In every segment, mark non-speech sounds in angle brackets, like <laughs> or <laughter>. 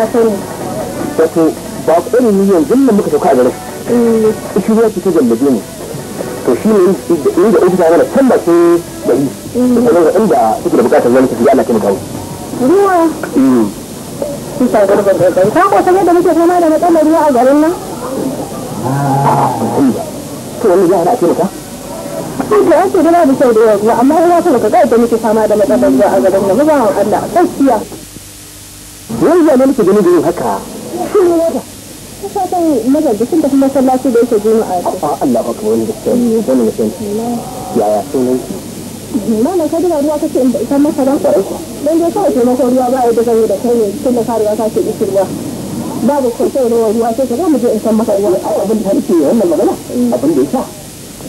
na sani wato ba ƙwarin ni yanzu nan muka sauka a garin eh. ishi ruwa ce ta gallabe ne to shi ne inda ta mana can ba ce gari mm. sannan ga inda suke da bukatar zama tafiya ana taimaka musu ruwa Kusa garban da kai, ka kusa yadda muke zama da matsalar ruwa a garin nan? to wani yara ce mata Ake ake gana da kyau da yau amma ina so ka ga yadda muke fama da matsalar ruwa a garin nan ba Allah gaskiya wani zane muke gani da haka shi ne wata kusa ta mazaji sun tafi masallaci da yake juma'a ce a Allah ba kamar wani da sai mm. wani da sai yaya sunan ki mana ka dira ruwa ta ce san masa ran kwarai dan dai kawai taimakon ruwa ba yi da zai da kai ne tun da karuwa ta ce ruwa babu kwanciyar ruwa sai ka za mu je in san masa ruwa abin da harke wannan magana mm. abin da ya sa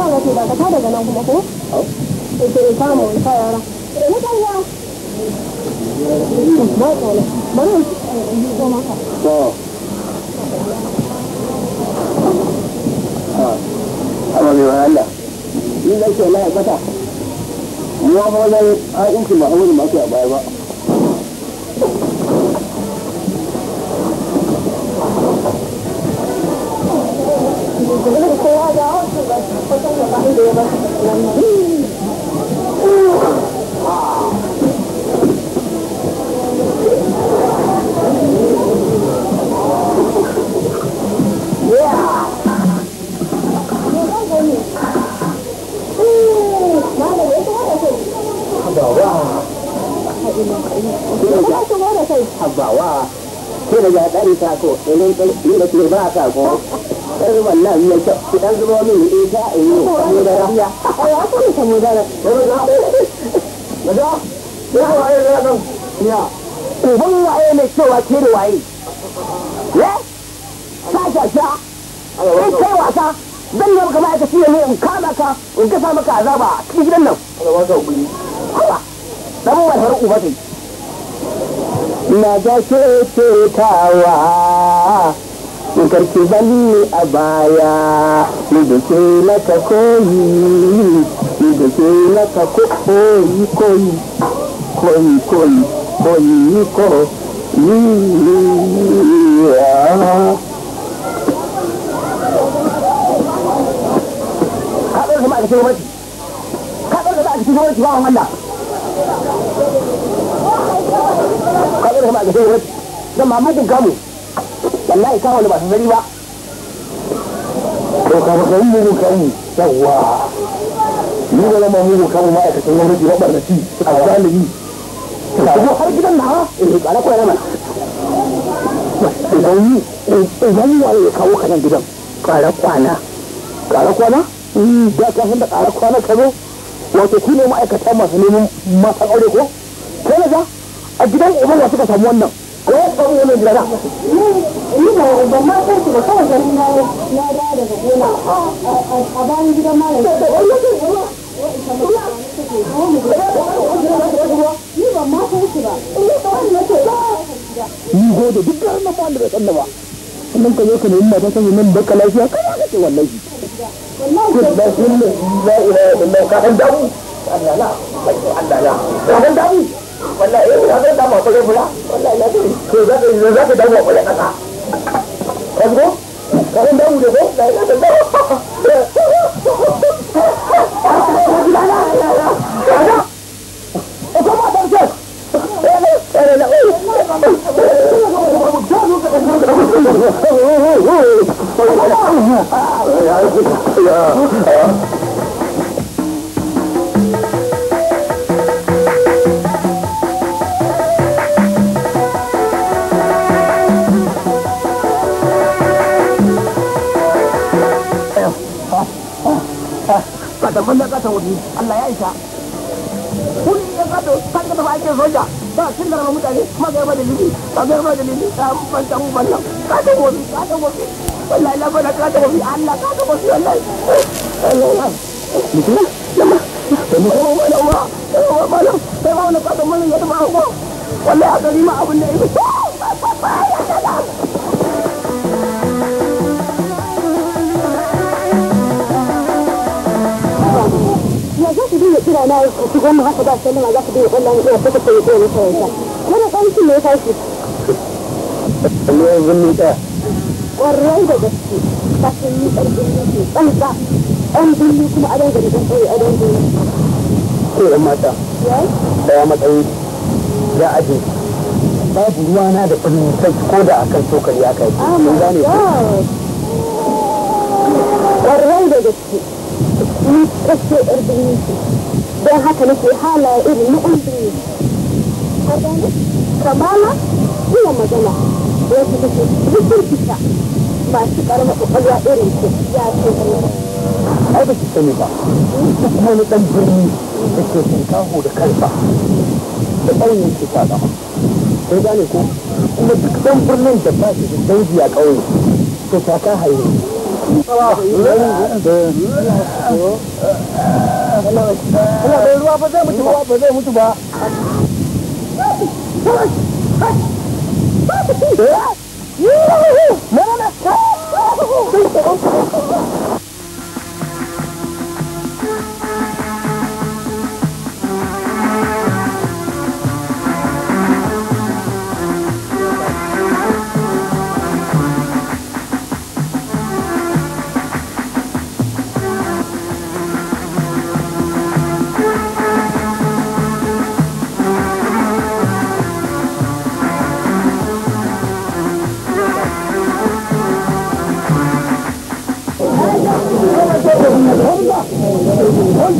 kan wato da ka daga nan kuma ko? Ita ita mu ita Ba ka Bari To. Ah, Ni na ma ba zai a inci ke a baya ba. ya dari ta ko ini ini da ke ba ka ko sai wannan ya ta dan zuwa min ita in yi da rafiya ya ya waye mai cewa ke da waye ya sa sha sha in kai wasa zan yi maka ma'aikaci ne in kama ka in gasa maka azaba a cikin gidan nan hawa uba kai na ga ke ce ki karki bani a baya ni da ke maka koyi da ke maka koyi koyi koyi koyi koyi ni Kaɗar wallahi ka wani ba zari ba to ka baka yi mugu kan yawa ni da zama mugu kan ma'aikatan gwamnati na barnati a zalimi ka zo har gidan na eh ba na koyar mana idan yi idan wani ya kawo ka gidan ƙara kwana ƙara kwana da ka san da ƙara kwana ka zo wato ku ne ma'aikata masu neman matan aure ko kai da a gidan uban wasu suka samu wannan wai ba ne da ni ba ba ma san ki ba na da daga a ne ko duk ran na fa'ala da sanna ba sannan ka zo ka nemi mata ta nan baka lafiya kana kace wallahi ko da shi ne la ilaha illallah ka dan damu Allah la Allah la ka dan damu wallahi eh na zai dama kwalle fula wallahi na zai da ko da ya zai kana da manna katon wuri Allah ya isa kuri ya kato kan da ba ake soja ba sun da rama mutane ma ga ba dalili ba ga ba dalili ta ban ta mun bannan katon wuri katon wuri wallahi la bana katon wuri Allah katon wuri wallahi Allah mutum lama mu ko wala wa wa malam sai ma wannan katon mun ya ta ma ko wallahi a gari ma abin da ya yi kira na shigo mu haka ba sallama za ka bi kallon ya saka ta yi tsoron ta yanka kada ka ne shi Allah ya zunni ta kwarai da gaske ta kuma gari ko mata matsayi a babu ruwa na da ko da akan ah, mun gane kwarai da gaske ni ce don haka nake halaye irin na ɗan birni kamala iya magana wasu take rikin fita masu ƙarama ƙwaƙwalwa irin ce ya ce ai ba ki sani ba duk wani ɗan birni da ke tunkaho da kansa da ƙauyen ke ta zama sai gane ko kuma duk ɗan birnin da ba shi da dangi a ƙauye to ta ka hayo. Ina da ruwa ba zai mutu ba ba zai mutu ba.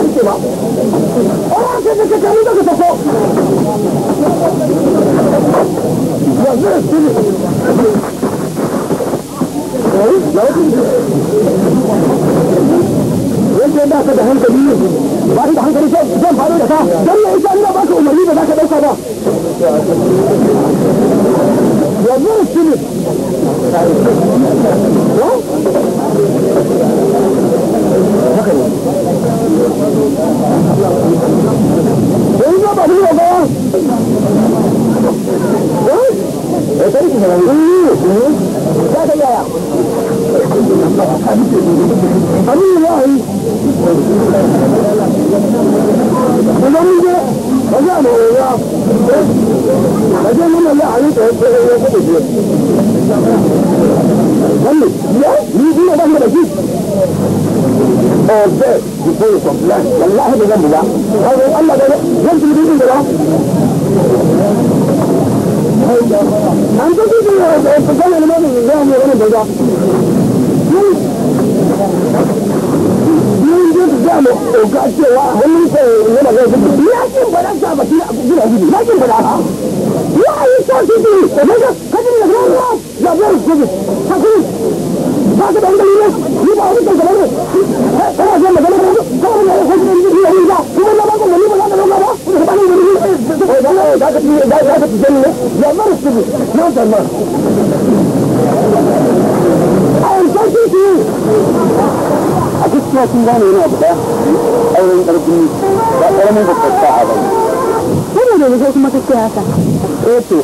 rice ba a ce da kakaru daga tafo umarni ba haka ne yanzu ba ni ba ba eh sai ki ga ni ka ga ya ani wallahi idan ni ga kaga ne ya kaje mun Allah ayi ta ya ku ji wallahi ya ni ji ba da shi obey before you complain wallahi da zan buga kawai Allah da zan ji da ba an ta jiji ne da ta gane ne mai zai ne da cewa hannun ne da zai ji ya kin bada sa da Eh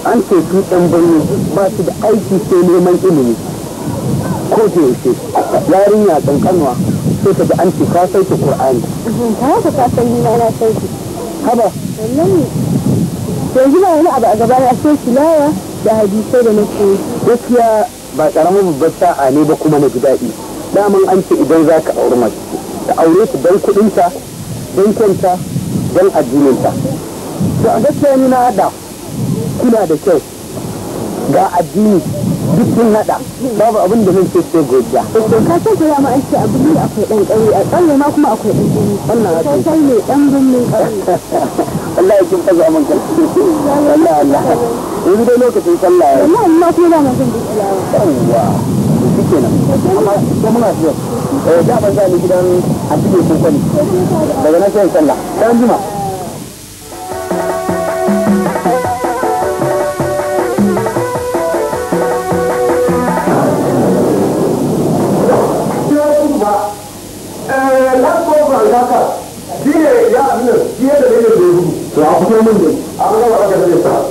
an ce su ɗan birni ba su da aiki sai neman ilimi ko da yaushe yarinya kankanwa sai ta ji an ce ka sauke qur'ani ka ta san ni na sauke haba yanzu ba wani abu a gaba ya sai tilawa da hadisai da nake gaskiya ba karamar babbar sa'a ne ba kuma na ji daɗi daman an ce idan za ka auri mace ka aure ta don kuɗinta don kwanta don addininta to a gaskiya ni na haɗa kuna da kyau ga addini duk sun babu abin da zan ce sai godiya to ka san ko ya ma an ce abu ne akwai dan kauye a kauye ma kuma akwai dan jini wannan kai sai ne dan birnin <laughs> Allah ya kin fa zaman ka Allah Allah yanzu dai lokacin sallah ya wallahi amma sai da mun jin tilawa yawa kenan amma muna so eh da ban za ni gidan a cikin sun kwani daga nan sai sallah dan juma'a mundo. Ahora va a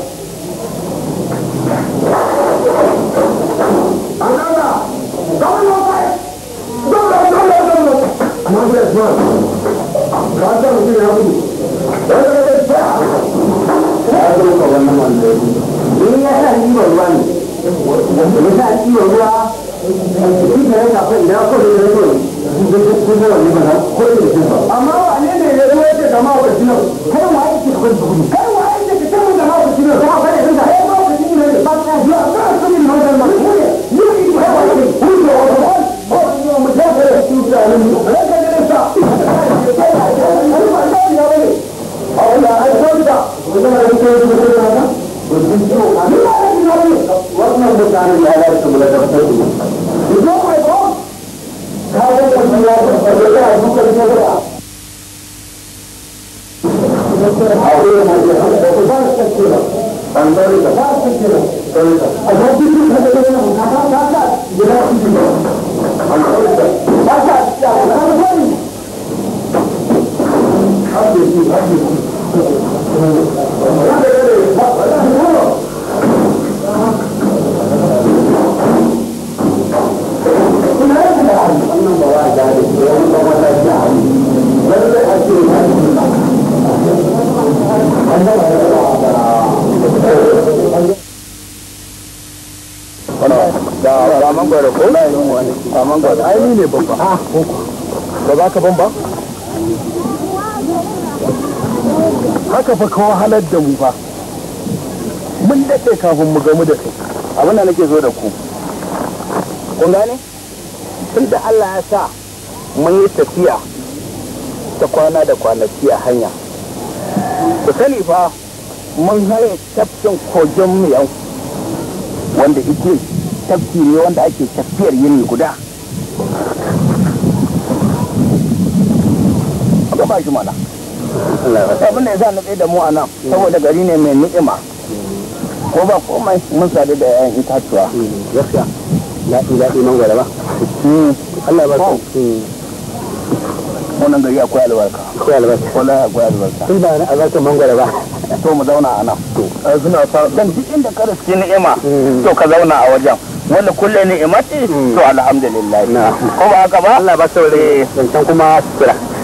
yau fa ka wahalar da mu fa mun daɗe kafin mu gamu da kai abinda nake zo da ku kun gane da Allah ya sa mun yi tafiya ta kwana da kwanaki a hanya da kalifa mun haye tafkin kogin miyau wanda ike tafki ne wanda ake tafiyar yini guda a ba shi mana abin da ya sa nutse da mu a nan saboda gari ne mai ni'ima ko ba komai mun sadu da yayan itatuwa gaskiya daɗi daɗi mangwara ba hmm. Allah ba su oh. hmm. wannan gari akwai albarka akwai albarka wallahi akwai albarka tun da wani albarkar mangwara ba to mu zauna a nan eh, suna fara dan duk inda ka riske ni'ima hmm. to ka zauna a wajen wanda kulle ni'imati to alhamdulillah ko ba haka ba Allah ba saurare dan eh. kuma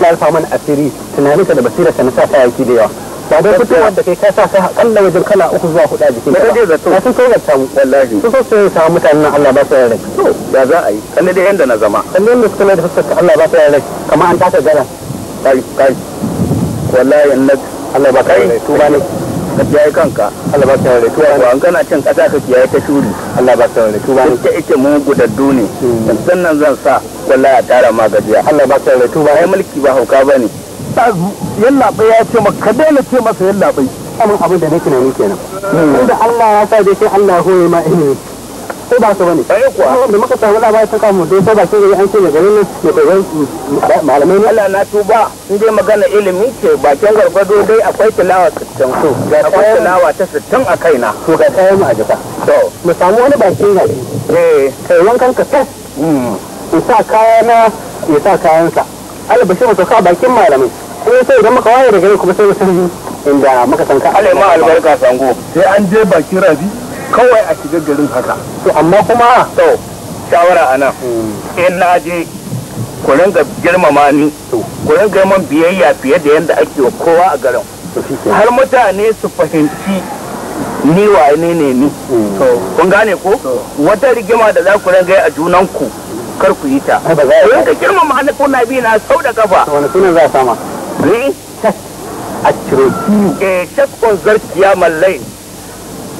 ya rufa mana asiri tunaninka da basira basirarka nasa sa kayaki da yawa ba dai fitowar wanda kai ka sa ka akalla wajen kala uku zuwa hudu a jikin ka ba na sun kawar ta wallahi su so su samu mutanen Allah ba su yarda to ya za a yi kalle dai yanda na zama kalle ne suka mai da fuskar Allah ba su yarda kamar an taka gara kai kai wallahi annabi Allah ba ka yarda to ba ne ka kiyaye kanka Allah ba ka yarda to ba an kana cin kasa ka kiyaye ta shuri Allah ba ka yarda to ba ne ke ita mun gudaddu ne sannan hmm. zan sa wallahi a tara ma gajiya Allah ba sai rato ba ai mulki ba hauka bane yalla yallaɓai ya ce maka ka daina ce masa yalla yallaɓai amma abin da nake nani kenan inda hmm. Allah ya sa dai sai Allah ya hoye ma ilimi ko ba su bane sai kuwa da muka samu labari ta mu dai sai ba sai an ce ga garin ne koyar malamai ne Allah na tuba in dai magana ilimi ce bakin gargado dai akwai tilawa 60 so ga akwai tilawa ta 60 a kaina to ga kayan mu a jika to mu samu wani bakin gari eh kai wankan ka tas ya sa kayana ya sa kayansa bashi mu sauka bakin malamai ko sai idan muka waye daga kuma sai wasu inda muka sanka Allah ma albarka sango sai an je bakin rabi kawai a shiga garin haka to amma kuma to shawara ana hmm. in na je ku ringa girmama ni ku ringa man biyayya fiye da yadda ake wa kowa a garin har mutane su fahimci ni wa ne ne ni hmm. kun gane ko wata rigima da za ku ringa a junanku hmm. kar ku yi ta ai ba yi ka girma ma na kuna bi na sau da kafa to wani sunan za a sama ni a ciro eh shakon zarkiya mallai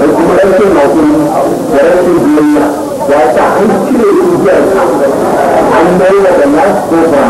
da kuma rashin hakuri da rashin biyayya ya ta an cire igiyar an daina da nasu ko ba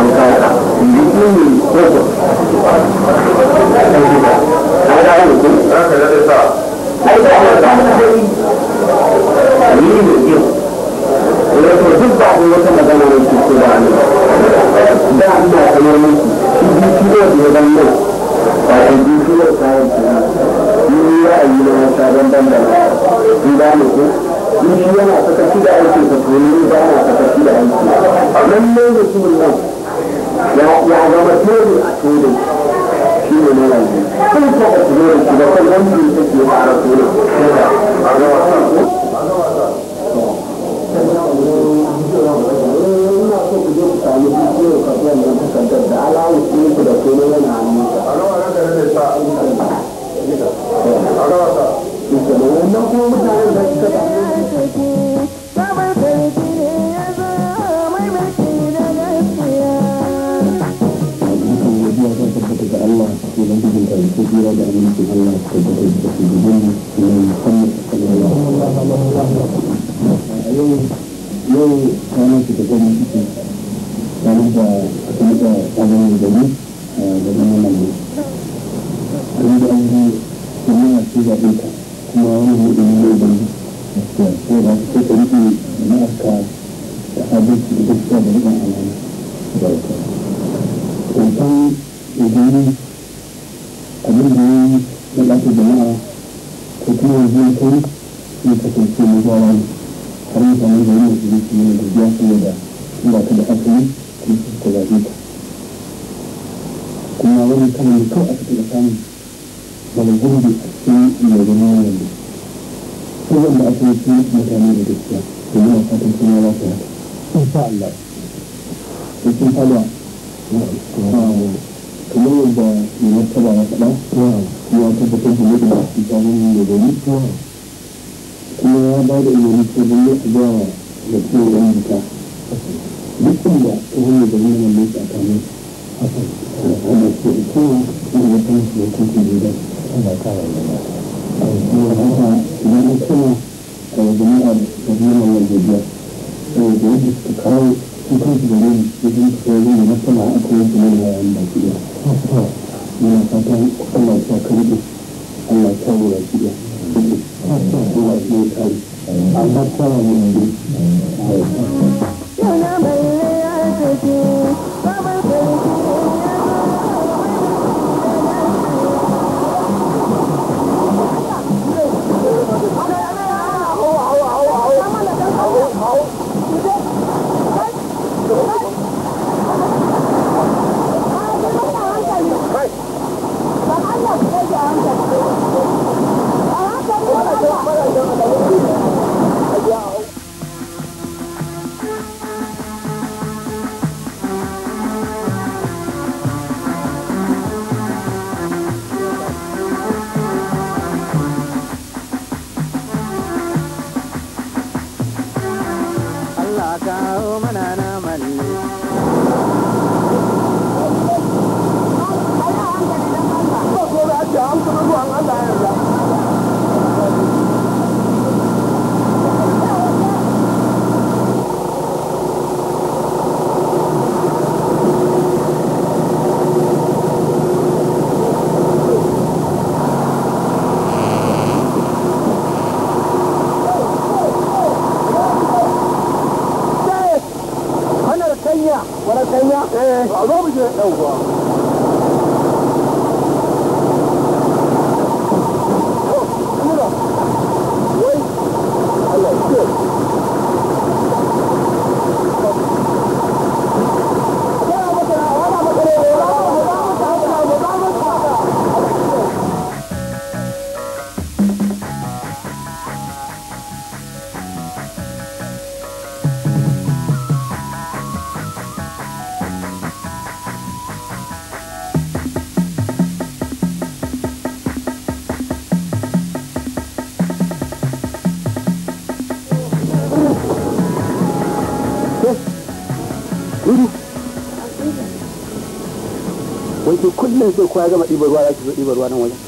nan sai gama ɗibar ruwa za ki zo ɗibar ruwa nan wajen.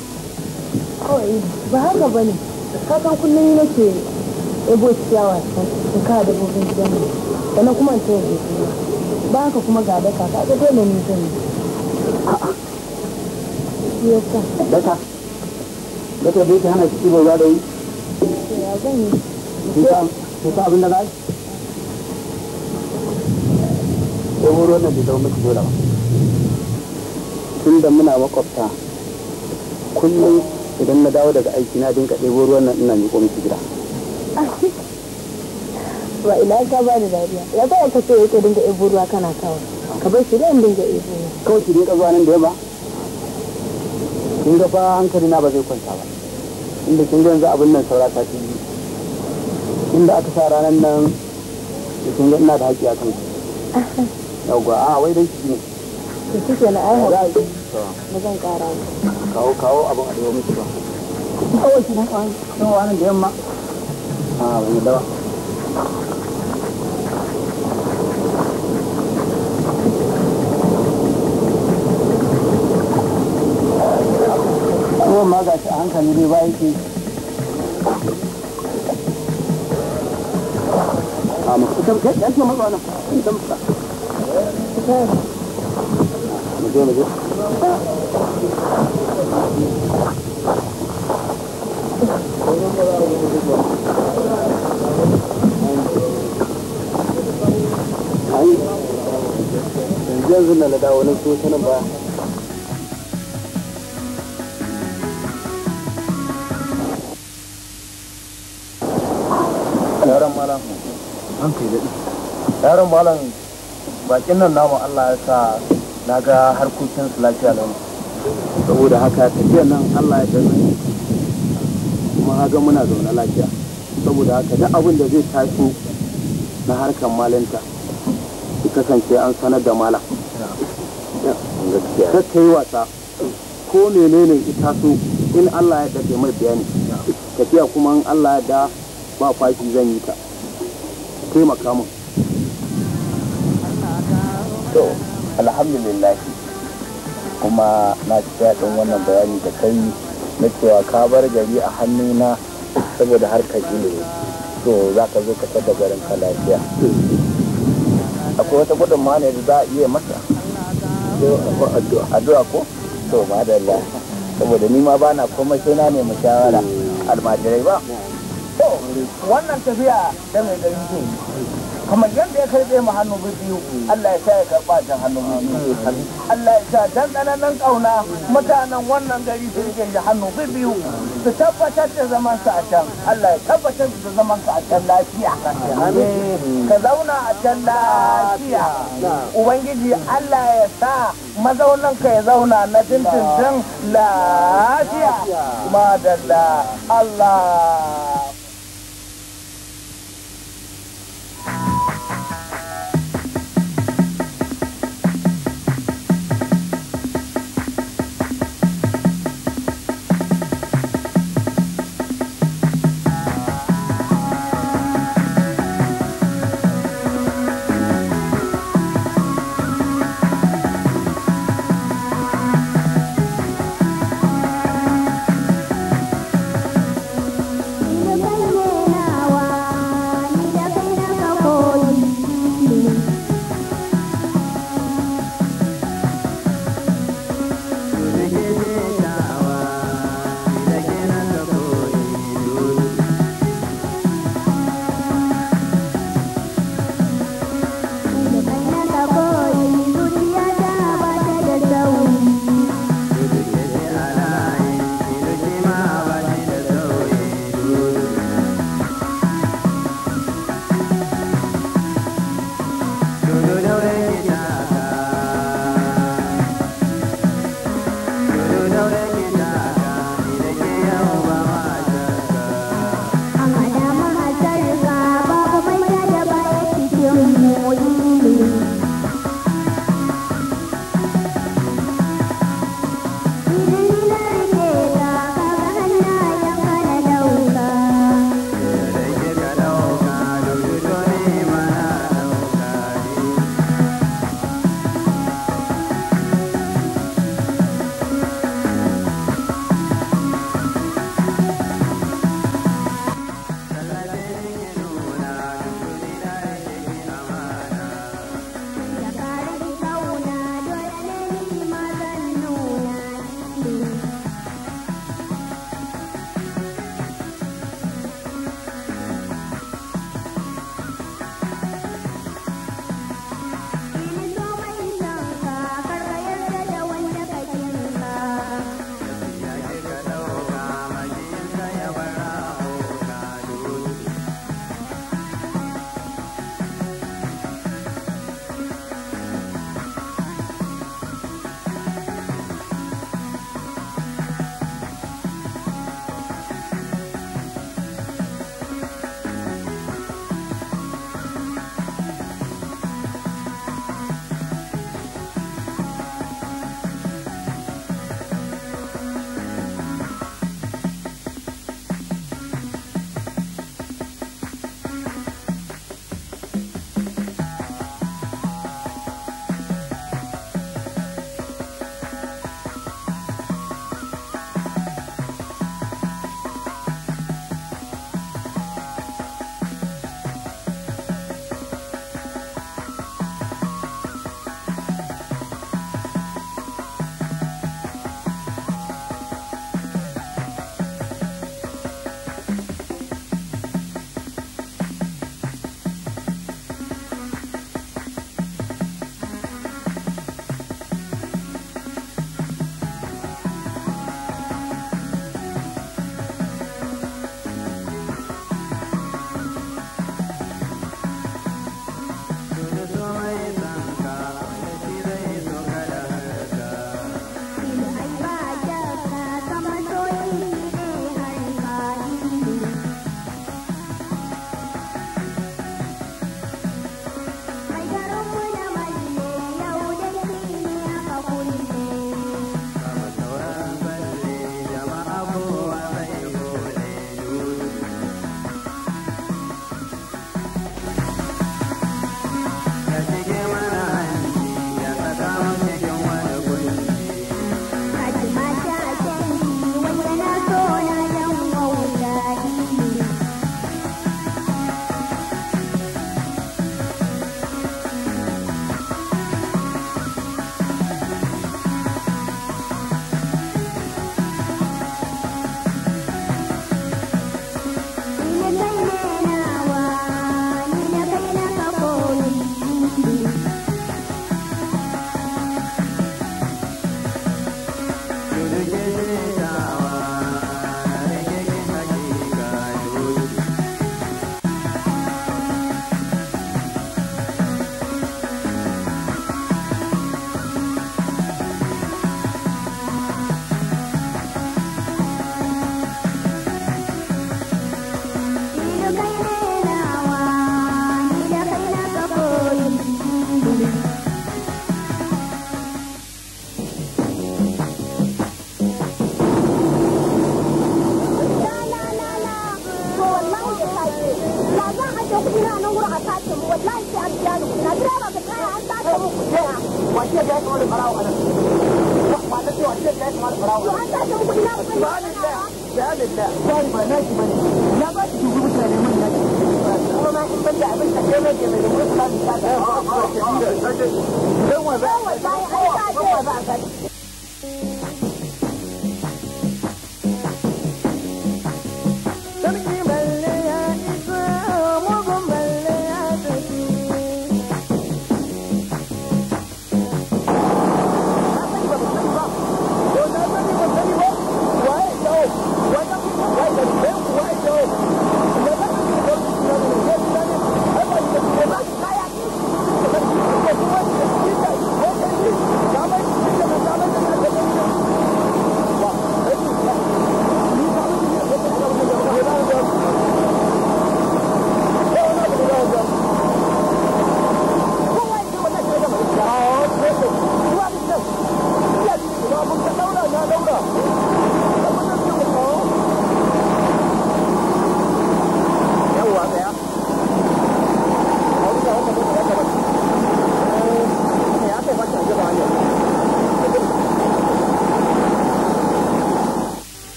kawai ba haka ba ne kakan kullum yi nake ebo ciyawa can in ka da bobin ciyawa sannan kuma ta yi da ba haka kuma ga daka ka ga dole ne zan yi. daka daka bai ta hana ki ɗibar ruwa da yi. ki sa abin da bai zama miki dole ba. da muna makwabta kullum idan na dawo daga aiki na dinka ɗebo ruwan nan ina miƙo miki gida <laughs> ba ina ka ba da dariya ya ba ka ce yake dinga ɗebo ruwa kana kawo ka bar shi dan dinga ɗebo ruwa kawai ki dinka zuwa nan da yamma kin ga fa hankali na ba zai kwanta ba inda kin ga yanzu abin nan saura ta yi. inda aka sa ranar nan kin ga ina da haƙƙi a kan <laughs> yawwa a wai dai shi ne to kike na ai ba zan kara ba kawo kawo abin a dawo miki ba kawai wani da yamma a wani dawa ma ga shi a hankali dai ba yake ama yanzu na so ba yaron malam an kai daɗi yaron malam bakin nan namu allah ya sa na ga harkokin su lafiya lau saboda haka tafiya nan allah ya dazan kuma haga muna zaune lafiya saboda haka duk abin da zai taso na harkar malinta su kasance an sanar da malam ta yi wasa ko menene ita so in allah ya dace mai bayani tafiya kuma in allah ya da ba fashi zan yi ta taimaka min alhamdulillah kuma na ci daɗin wannan bayani da kai na cewa ka bar gari a hannuna saboda harkar ilimi to za ka zo ka da garin ka lafiya akwai wata ma ne da za a iya masa addu'a ko to madalla saboda ni ma bana kuma sai na nemi shawara eh. almajirai ba wannan tafiya da mai gari kamar yadda ya karbe mu hannu biyu Allah ya sa ya karba can hannu biyu Allah ya sa dan nan kauna mutanen wannan gari su rike shi hannu biyu su tabbatar da zaman su a can Allah ya tabbatar da zaman su a can lafiya ka zauna a can lafiya ubangiji Allah ya sa mazaunan ka ya zauna na dindindin lafiya madalla Allah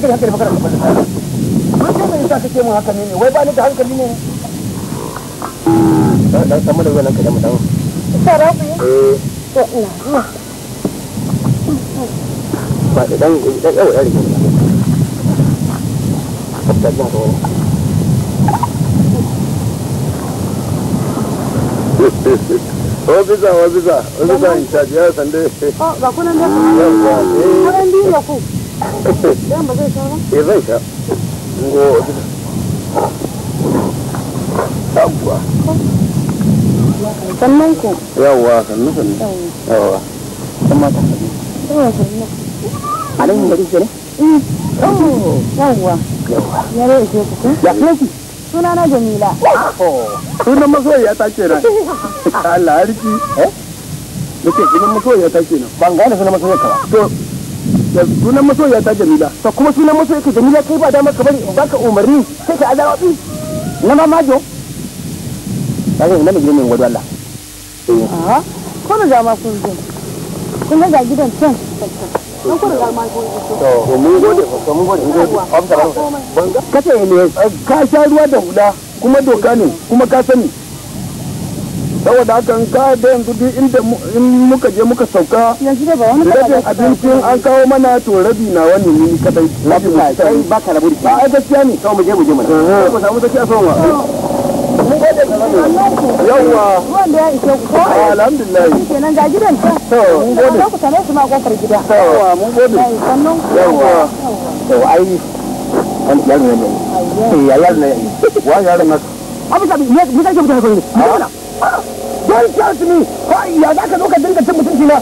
hankali hankali bakar mutum mun ce mai yasa kake mun haka ne wai ba ni da hankali ne dan samu da wannan mu dan eh to ina ba da dan dan yau da rike ta in caji ya sande. Ba kunan da ku? Yawwa, eh. Karan biyu da ku. Dan ba zai sha ba? zai sha. Yawwa. Sannan ku. Yawwa sannan sannan. Yawwa. Sannan ta Yawwa sannan. A nan gari Yawwa. Ya rai ke ku. Ya Suna na Jamila. ta nan. ta nan. Ban gane da sunan masoya ta jamila ta kuma sunan masoya ka jamila kai ba dama ka bari ba baka umarni sai ka azara wasu na ma majo ta zai na gwado Allah ka ce ne ka sha ruwa da huda kuma doka ne kuma ka sani saboda haka in ka da yanzu duk inda in muka je muka sauka rabin abincin an kawo mana to rabi na wani ne kadai rabi ba kai ba ka rabu da ba a gaskiya ne kawai mu je mu je mana mu samu a so ma yawwa ruwan da ya ishe ku ko alhamdulillah kenan ga gidan ta to mun gode ku tare su ma kofar gida yawwa mun gode yawwa to ai an yaro ne ne ai yaro eh, ne wa yaro ne abu sabi me kake mutane ko ne Don't touch me! Ya za ka zo ka dinga cin mutunci na?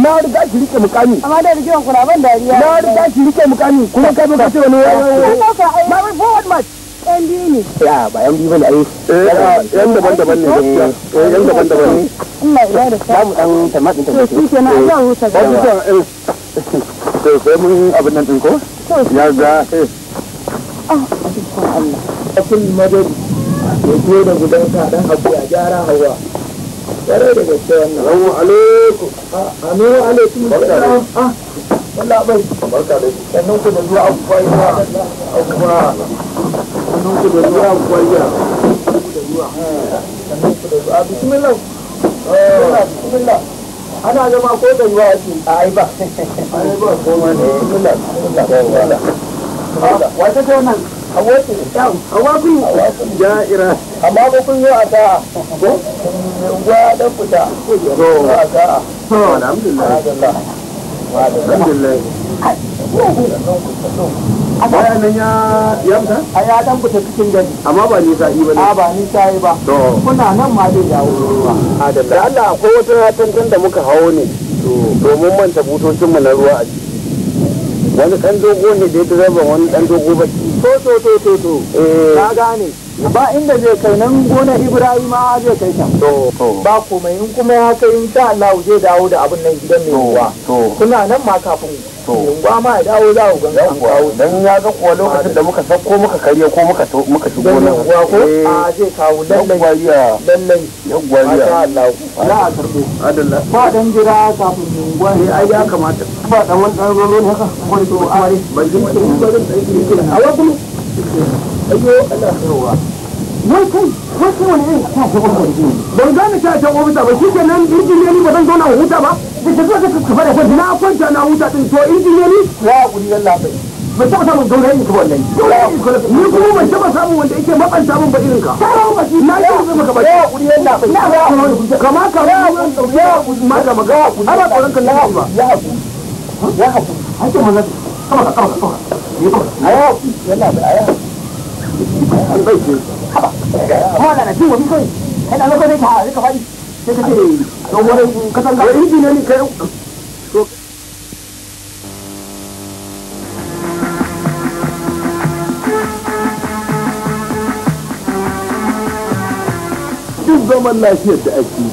Na riga shi rike mukami. Amma da rigewan kuna ban dariya. Na riga shi rike mukami kuma ka zo ka ce wani wani Na wai forward match. biyu ne. Ya biyu bane ai. Eh, yan daban-daban ne eh, Yan daban-daban ne. Allah dan tamatin tamatin. To shi kenan Allah eh. ya To sai mun abin nan din ko? Ya ga eh. Ah, Allah. ya da gudanta dan abu ya gyara hawa kwarai da gaske wannan salamu alaikum amin alaikum salam wallah ah, bai barka da sannan ku da zuwa abubuwa abubuwa sannan ku da zuwa abubuwa sannan ku da zuwa ah, bismillah eh. bismillah ana zama ko da ruwa ake ai ba ai ba ko ma ne bismillah bismillah wata ce wannan A ce A ja'ira A a ta'a ko gwa fita ko a ta'a to alhamdulillah alhamdulillah nan ya A ya dan fita cikin gari. Amma ba ba ne? A ba ba. Kuna nan ma Adalla. Allah akwai wata ratantan da muka hawo ne domin manta mu na ruwa a ciki. Wani ɗan dogo ne da ya ta zaba wani ɗan dogo baki. to to to to to eh. gane ba inda zai kai nan gonar ibrahima zai kai can ba komai in kuma ya kai in insha allahu zai dawo da abin nan gidan mai ruwa kuna nan ma kafin yunwa ma ya dawo za ku ganga an kawo dan ya ga kuwa lokacin da muka sako muka karya ko muka muka shigo nan yunwa ko eh. a ah, zai kawo lallai lallai yunwa ya Allah za a karbo adalla ba dan jira kafin yunwa eh ai ya kamata ba dan wani dan rolo ne haka ko to a ban ji ba a wasu ayo Allah yawa wai kai wai ko wani irin ta ta ofis ne ban gane ta ta ofis ba shi kenan injiniyari ba zan zauna huta ba da ta zuwa ka na kwanta na huta din to injiniyari ya kuri yalla bai ban taɓa samun gaurayi ka wannan gaurayi ni kuma ban taɓa samun wanda yake mabanta mun ba irin ka na yi kuma maka bai ya kuri yalla bai na ga kuma ka ya kuri ya ma ga maga ya kuri ana tsoron kallon ba ya kuri ya kuri ake maza kama ka kama ka kama yalla albaiki haba na wani ka ka wani duk zaman lafiyar da ake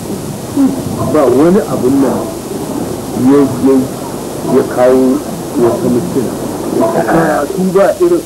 ba wani abin nan ya kawo wasu mutum su ba irin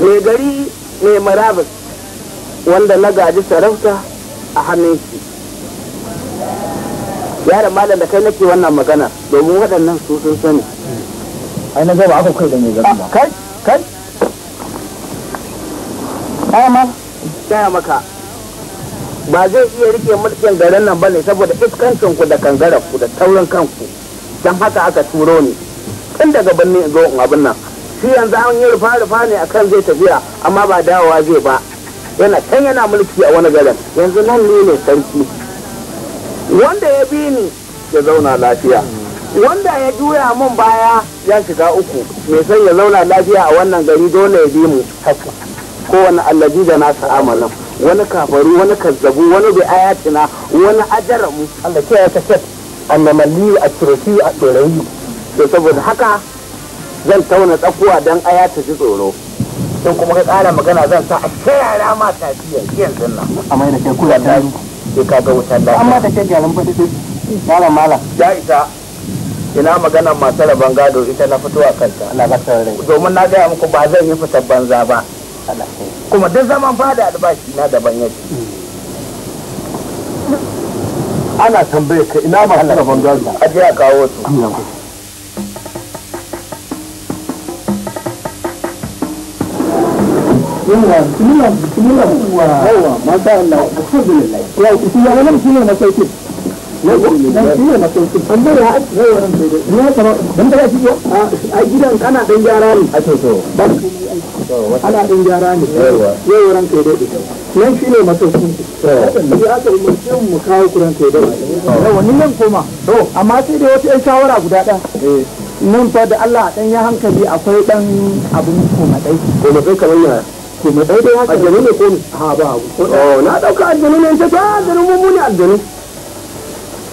mai gari mai marabas wanda na gaji sarauta a hannun shi yaran malam da kai nake wannan magana domin waɗannan su sun sani ai na gaba aka kai da mai gari ba ah, kai kai ayama gaya maka ba zai iya rike mulkin garin nan bane saboda iskancin ku da kangarar ku da taurin kanku don haka aka turo ni tun daga birnin zo abin nan shi yanzu an yi rufa rufa ne akan zai tafiya amma ba dawowa zai ba yana can yana mulki a wani garin yanzu nan ne ne sarki wanda ya bi ni ya zauna lafiya wanda ya juya mun baya ya shiga uku mai san ya zauna lafiya a wannan gari dole ya bi mu haka kowane allaji da nasa amalin wani kafaru wani kazzabu wani bai ayatina wani ajaramu Allah ke ya kashe annamalli a turafi a tsorayi to saboda haka zan tauna tsakuwa don aya ta ji tsoro in kuma ka ƙara magana zan sa a yara ma tafiya yanzu nan a mai da kai ta yi sai ka ga wutar lafiya amma ta kai gyaran fadi dai malam mala ya isa ina magana masu rabon gado ita na fito a kanta ana ba ta rai domin na gaya muku ba zan yi fitar banza ba kuma duk zaman ba da albashi na daban yake ana tambaye ka ina masu rabon gado aje a kawo su yawa bismillah bismillah yawa masha Allah alhamdulillah ya shi ya wannan shine masauki a gidan ana dan gyara ne a to ana ɗan gyara ne yau ran kai daɗi nan shi ne masauki ya aka yi mutum mu kawo kuran kai daɗi yawa ni nan koma amma sai dai wata yan shawara guda ɗan nan fa da Allah a ɗan ya hankali akwai ɗan abin komadai komadai kamar yana ko mai ɗaya haka aljanu ne ko ha ba oh na ɗauka aljanu ne ta ta aljanu mummuni aljanu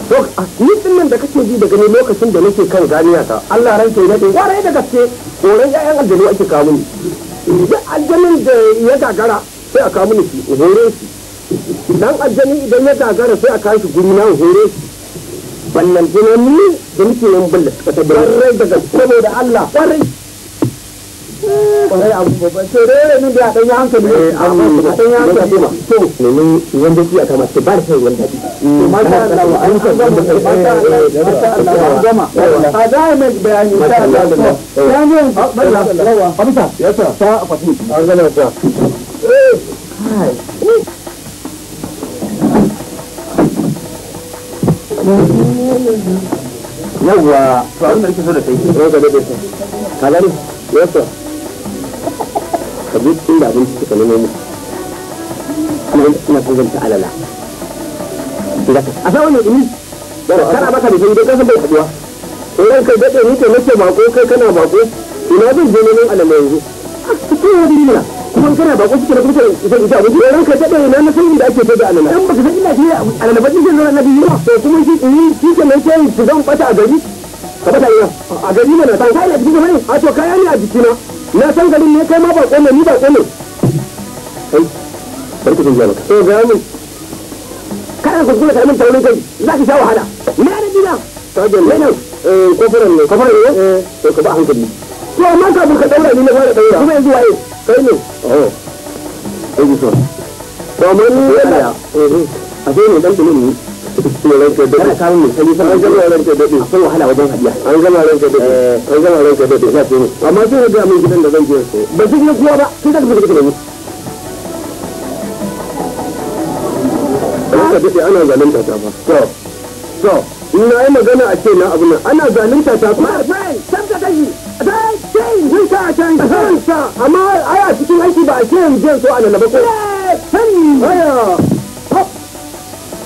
to ni nan da kake ji daga ne lokacin da nake kan ganiya ta Allah ran sai dade warai da gaske koran ƴaƴan aljanu ake kawo ni duk aljanun da ya gagara sai a kawo ni shi hore shi dan aljanu idan ya gagara sai a kawo shi guri na hore shi wannan dinani da nake yin bulla ta da gaske da Allah warai tsoron abu babban to dole ne da dan eh, hankali a dan hankali to domin wanda shi aka mace ba da sai wanda mm. shi ma sha Allah an san da ma sha Allah gama eh, eh, a da mai bayani sha Allah ya ne balla ah, amsa ya sa sa a an ah, gana ta yawwa to abin da nake so da kai ka ka bi cikin da abinci suka nemo mu kuma ina son zan ta alala a sa wannan imis kana baka da shi kasan bai haduwa idan kai daɗe ni ke nake bako kai kana bako ina zan je neman alala yanzu cikin wani nila kuma kana bako cikin kuma ita ita abinci idan kai daɗe ina na sanin da ake ta da alala dan baka san ina ce alala ba cikin na biyu ba to kuma shi ni shi ke nake yi zan bata a gari ka bata ina a gari mana ta kai a cikin wani a to kaya ne a jikina na san garin ne kai ma ba ne ni ba ne kai bari ku san jama'a eh ga mun kada ku gura kai mun taurin kai za ki sha wahala me ne dina to da ne nan eh kofaran ne kofaran ne eh to ka ba hankali to amma ka burka daura ni na fara daura kuma yanzu waye kai ne oh kai so to mun ne ya eh a dole dan tulun ne kuma ranka da ana samun misali sai an gama ranka da wahala wajen hadiya an gama da an gama ranka da dade ya ce amma sai da gidan da zan je ba zai ne kuwa ba sai da kike da ni ranka dade ana zalunta ta to to ina yi magana a ce na abu nan ana zalunta ta kuma sai san ka kashi sai a can kansa amma ai a cikin aiki ba a ce yanzu a ana laba ko sai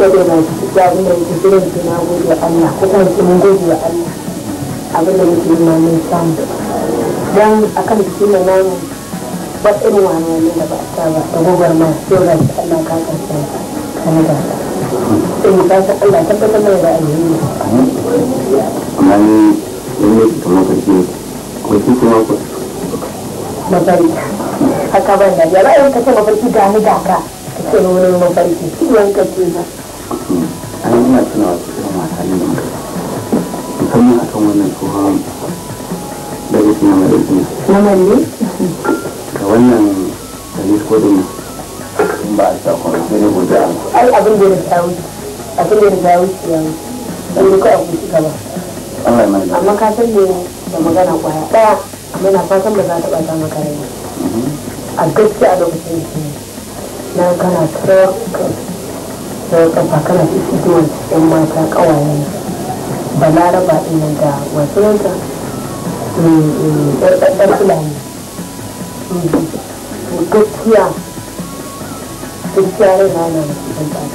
saboda ba su da abin da muke zuwa su na gode wa Allah ko kuma su mun gode wa Allah abin da muke yi ma samu dan akan biki mai mu ba irin wani ne da ba ta ba da gobar ma sai da Allah ka karsa kana da sai ka san Allah tabbatar da alheri amma ni in ne kamar kace ko shi kuma ko mafarki haka ban da ya ra'ayin kace mafarki ga ni da ka kace wani mafarki ciwon kace an yi na tunawa su irin masu halin da muka musamman a kan wannan tsohon da ya tuna mai ɗauki na malle da wannan talis kodin ba a sa kwanan sai ne gobe a ai abin da ya ta wuce abin da ya ta wuce ya wuce don duka a kuci gaba amma ka san ne da magana kwaya ɗaya amma na fatan ba za ta ɓata maka rai a gaskiya a lokacin na kana ta daga kafa kana fitowar yan mata kawayen balaraba ina da wasu yanka mm, mm, ɗan fulani mm, gaskiya gaskiya rai na yana masu ɗan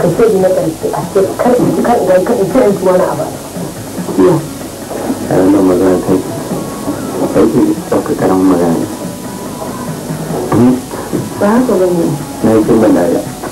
ka ce na ƙarfi a ce kar in kan gan kan in ce wani abu ya yaran nan magana ta yi ta yi ɗauka karamin magana ne ba haka ba ne na yi kin da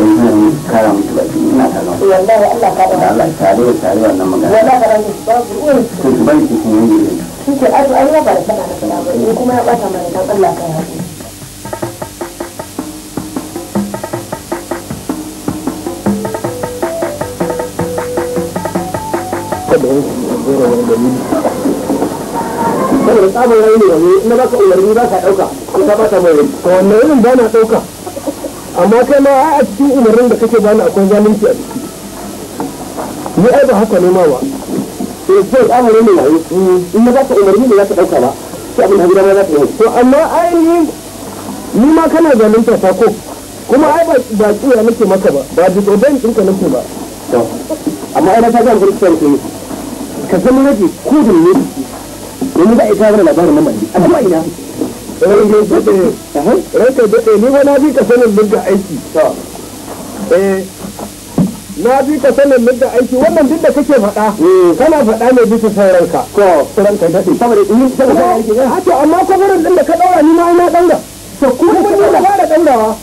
don suna yi kara da bari ne kike ba ka umarni ba ka ko mai ba na amma kai ma a cikin umarnin da kake bani akwai zalunci a ciki ni ai ba haka nema ba to eh, sai ne yayi mm, in ba ka umarni ne za ka dauka ba sai abin da ma za ka yi to amma ai ni ni ma kana zalunta ta ko kuma ai ba ba tsiya nake maka ba ba duk odan din ka nake ba to amma ai na ta ga gurbin ke ka zama rage kudin ne ne ba ita da labarin nan ne amma ina wani ne daɗe ranka daɗe ni ba na bi ka sanin mudda aiki na bi ka sanin mudda aiki wannan duk da kake faɗa kana faɗa ne bisa son ranka ranka daɗe saboda ɗin saboda aiki ne hato amma kwabarin ɗin da ka ɗaura ni ma ina ɗaura to kuma ka fara ɗaurawa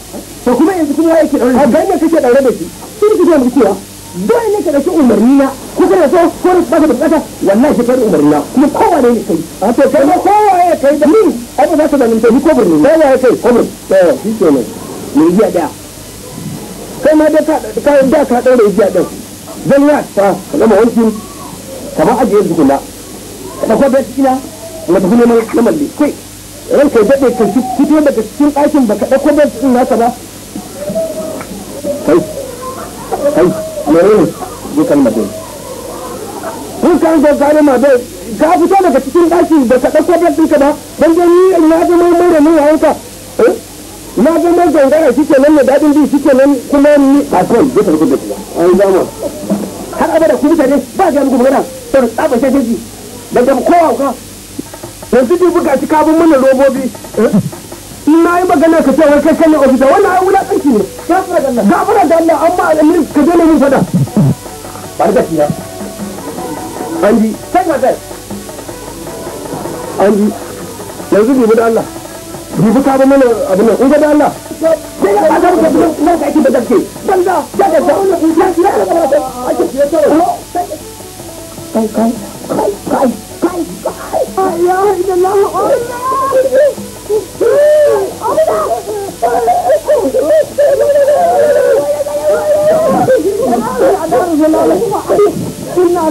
to kuma yanzu kuma ya yake ɗaure a ganin kake ɗaure da shi shi ne kake cewa dole ne ka dauki umarni na ko kana so ko ba ka bukata wallahi shi kai umarni na kuma kowa ne kai a to kai ko ya kai da ni ai ba za ka zalunta ni kobur ne sai ya kai kobur to shi ke ne ne igiya daya kai ma da ka ka da ka daura igiya din zan ya ta kama wanki kama ajiye zukuna da ko da kina na tafi neman na malle kai ran kai dade ka fito daga cikin ɗakin baka dauko da cikin naka ba kai kai ne ne dukan mutum kun kan ga zalima dai ka fito daga cikin ɗaki da ka ɗauko blak ɗinka ba don dai na ga mai mai da nuna yanka eh? na ga mai gangara shi nan ne daɗin bi shi nan kuma ni a kan zai tarbi da kuma an zama har abada ku mutane ba ga muku magana saboda tsaba shi daji da ga kowa ka su ji buga shi kabin mana robobi eh? in na yi magana ka ce wai kai kan ofisa wannan ai wulaƙanci ne gafara da Allah da Allah amma al'amir ka daina mun fada ba da shi ya an ji sai zai. an ji yanzu dubu da Allah dubu ka bane abin nan kun ga da Allah sai da ka ga ka kuma ka aiki da gaske banza ya ga ta ya ci da ka ta ake ci ta kai kai kai kai kai kai ya ila la Allah Allah Oh, my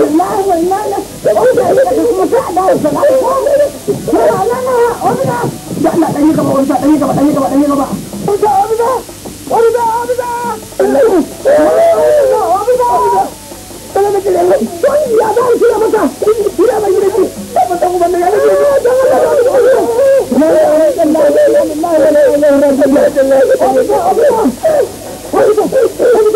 God.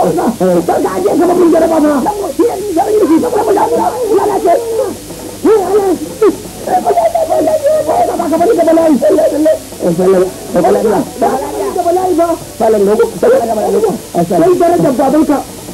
¡Suscríbete al canal! ¡Suscríbete al canal! ¡Suscríbete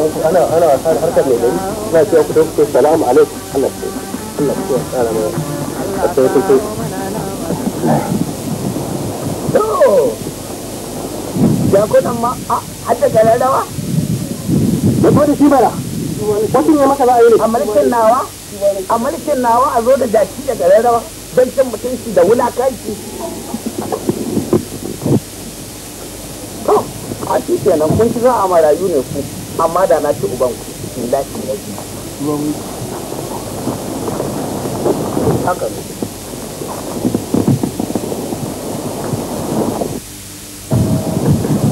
wasu ana ana wasa da harkar mai gari na cewa ku dauke salamu alaikum Allah ce Allah ce tsara mai a sauƙin ce ya ma a hadda ya gode shi bara wasu ne ne a malikin nawa a malikin nawa a zo da jaki da galar rawa don cin mutunci da wulakanci to a shi kenan kun a marayu ne ku amma da na ci uban ku in lafi na ji haka ne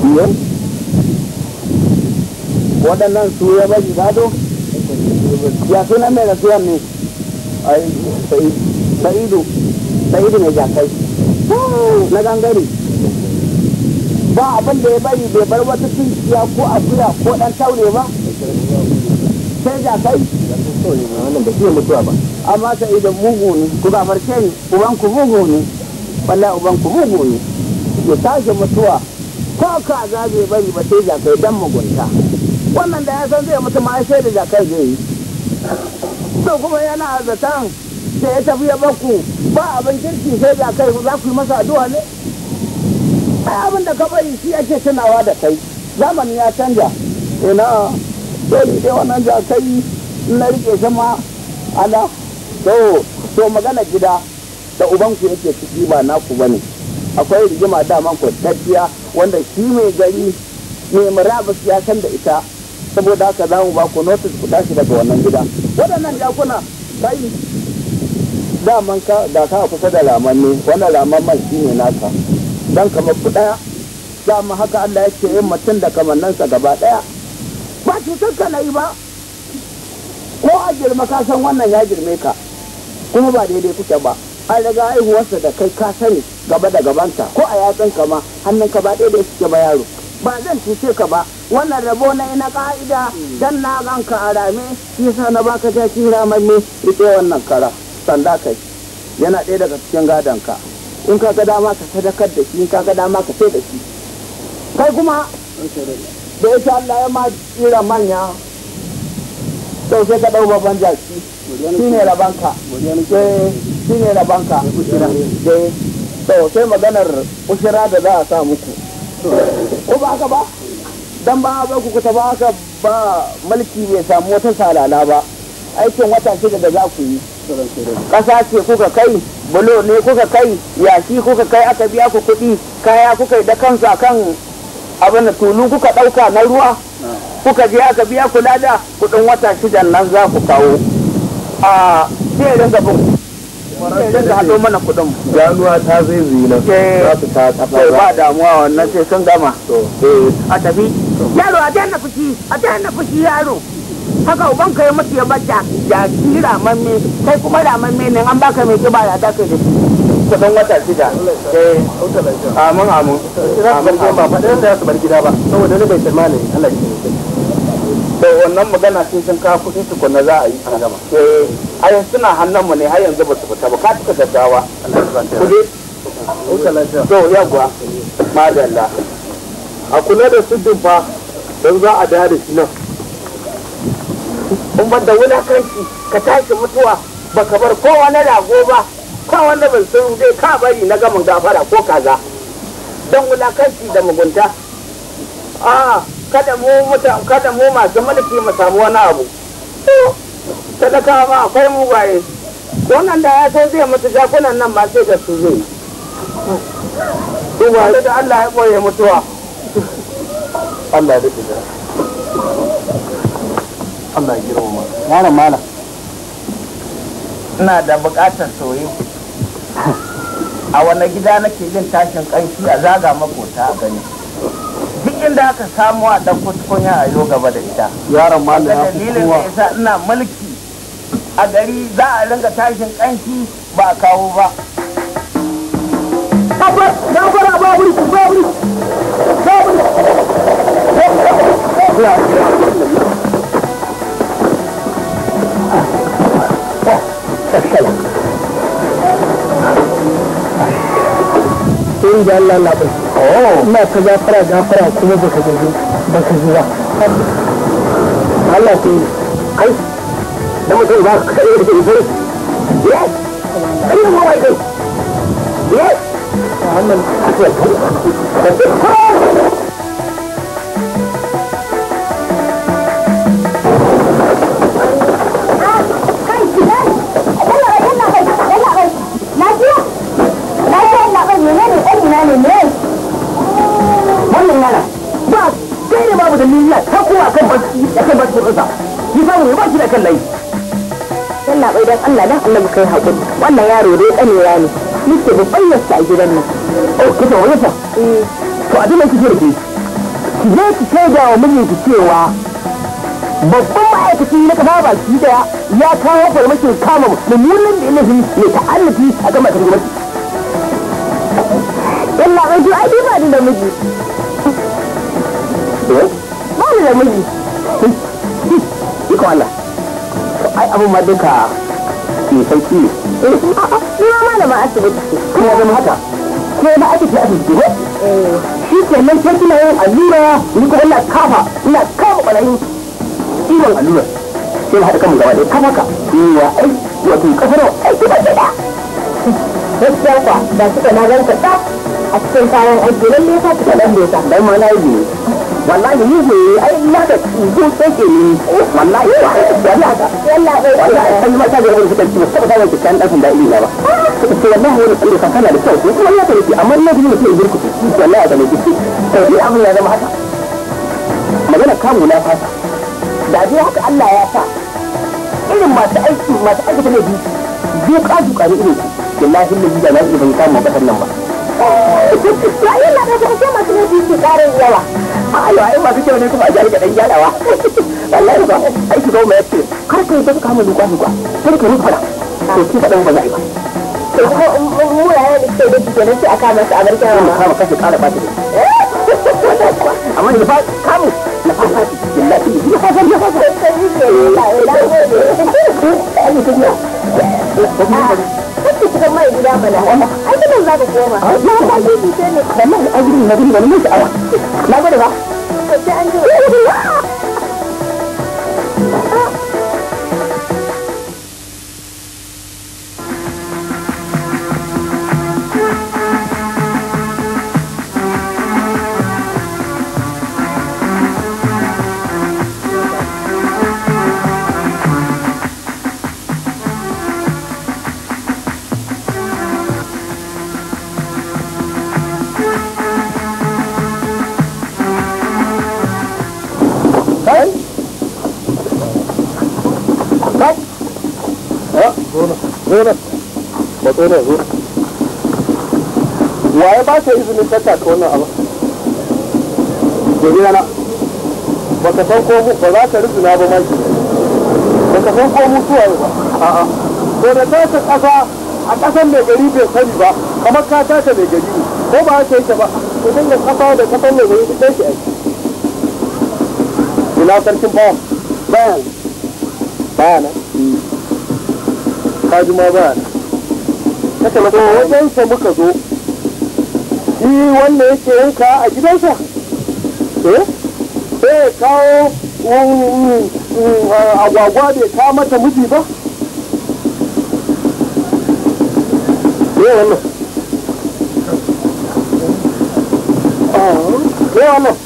biyan waɗannan su ya bari gado ya sunan mai rasuwan ne sa'idu sa'idu mai jakai na gangare ba abin da ya bari bai bar wata tunciya ko akuya ko dan taure ba sai da kai amma sai idan mugu ne ku ba farce ne uban ku mugu ne wallahi uban ku mugu ne ya tashi mutuwa ko ka za bai bari ba sai da kai dan mugunta wannan da ya san zai mutu ma sai da kai zai yi to kuma yana azatan Sai ya tafi ya baku ba abin kirki sai da kai za ku yi masa addu'a ne ai abin da kaba yi shi ake tunawa da kai zamani ya canja ina dole dai wannan da kai na rike shi ma ala to to magana gida da ubanku yake ciki ba naku bane akwai rigima daman tafiya wanda shi mai gari mai murabus ya san da ita saboda haka za mu ba ku notice ku tashi daga wannan gida waɗannan jakuna kai daman ka da ka kusa da ramanni wannan raman man shi ne naka dan kamar ku daya dama haka Allah ya ce yin mutum da kamannansa gaba daya ba cutar ka na yi ba ko a girma ka san wannan ya girme ka kuma ba daidai kuke ba an riga haihuwarsa da kai ka sani gaba da gabanta ko a yatsan ka ma hannun ka ba daidai suke ba yaro ba zan cuce ka ba wannan rabo na ina ka'ida dan na ganka a rame shi yasa na baka ta kira mai ramamme rike wannan kara sanda kai yana ɗaya daga cikin gadon ka in ka ga dama ka sadakar da shi in ka ga dama ka sai da shi kai kuma da sha Allah ya ma tsira manya sau sai ka ɗau babban jaki shi ne rabanka eh, shi ne rabanka sau eh, sai maganar ushira da za a sa muku ko ba haka ba dan ba ba ku ta ba haka ba mulki bai samu wata salala ba aikin wata shida da za ku yi ƙasa ce kuka kai bulo ne kuka kai yashi kuka kai aka biya ku kuɗi kaya kuka yi da kansu kan abin da tulu kuka ɗauka na ruwa kuka je aka biya ku lada kuɗin wata shidan nan za ku kawo a zai ringa bin da haɗo mana kuɗin ganuwa ta zai zina eh. za su ta ƙasa eh, ba damuwa wannan sai sun gama eh. a tafi yaro a ta fushi a ta fushi yaro haka uban ka ya mutu ya bata jaki ramamme kai kuma ramamme ne an baka mai kiba da ta kai da shi kusan wata shida eh amin amin amin ko ba faɗin da ya su bar gida ba saboda ni bai tsammani Allah ya da wannan magana sun sun kawo kuɗin su na za a yi a gama eh ayin suna hannunmu ne har yanzu ba su fita ba ka tuka gaggawa kuɗi to yagwa madalla a kula da su dubba don za a dare shi nan kun da wulakanci ka tashi mutuwa ba ka bar kowa na rago ba ka wanda ban san zai ka bari na gamin gafara ko kaza don wulakanci da mugunta a kada mu muta kada mu masu mulki mu samu wani abu sadaka ma akwai mugaye wannan da ya san zai mutu shakunan nan ma sai da su zai da Allah ya boye mutuwa. <laughs> Allah ya dace ina da bukatar soye a wani gida nake yin tashin kanki a zaga makota a gani duk inda aka samu a dan kutukunya a yau gaba da ita yaron ya fi dalilin da ina mulki a gari za a ringa tashin kanki ba a kawo ba kaskala in da Allah na ina kuma baka gaji baka Allah da mutum ba ka yi da yes yes gidan Allah dan annabi kai haƙuri wannan yaro dai tsanewa ne nake da yasta a gidan nan oh kika wani fa to a da kike da ki je ki shaida mun mijinki cewa babban ma'aikaci na ba shi daya ya kawo farmakin kama mummunan da ne ta ta'annafi a kan matan gwamnati. Yalla mai ji ai ba ni da miji. Ba ni da miji. ko Allah. Ai abun ma duka mai sauki ne. Eh, ina malama asibiti. Kuma zama haka. Ko na ake fiye asibiti ko? Eh. Shi ke nan yin allura ni ko ina kafa ina kafa ɓarayin ciwon allura. Sai na haɗa kan gaba ɗaya kafa ka. Iya ai wato kafar ai kuma gida. Gaskiya da suka na ganka ta a cikin kayan aiki lalle ka fita ɗan dosa. Dan ma na yi wallahi ni ne ai na da ko tsake ni wallahi wallahi wallahi sai ma ta ga wani fitan ci ko ta wani kan dafin da ilina ba to wallahi wani kuri kan kana da kyau ko kuma ya ta rufe amma na gani mutum burku wallahi da ne to ni abin ya zama haka magana kamu na fata haka Allah ya sa irin masu aiki masu aiki ta ne bi duka duka ne irin wallahi lillahi da na iya ban kamu nan ba eh, ya yi labarai kuma masu ne bi ƙarin yawa ayo ai masu kyau ne kuma a jari da dan gyarawa <laughs> wallahi ba ai ki goma yace kar ka yadda ka mu duka duka sai ka rufa to ki fadan ba zai ba to ko mu ya ne sai da kike nace aka masa a barka ma kama kace kara ba ta eh? amma ne fa kamu na fa fa billahi ni fa fa fa fa sai ni ne la la ne ai ni shiga mai gida bala ai gidan za ka koma na ta ce ne da na gudu da mun sha'awa na gudu ba sai an ji wannan zo waye ba ta izinin tattaka wannan abu gobe na ba ka san ko mu ba za ka rizina ba maki ba ka san ko mu mutuwa ba a'a to da ta ta kasa a kasan mai gari bai sani ba kamar ka ta mai gari ne ko ba ta yake ba ko dinga kasa da kasan mai gari duk yake aiki ina sarkin ba bayan bayan hmm. ka ji ma bayan kace masa wajen sa muka zo shi wanda yake yanka a gidansa eh, eh mm, mm, mm, a kawo agwagwa bai kawo mata miji ba ne wannan ne wannan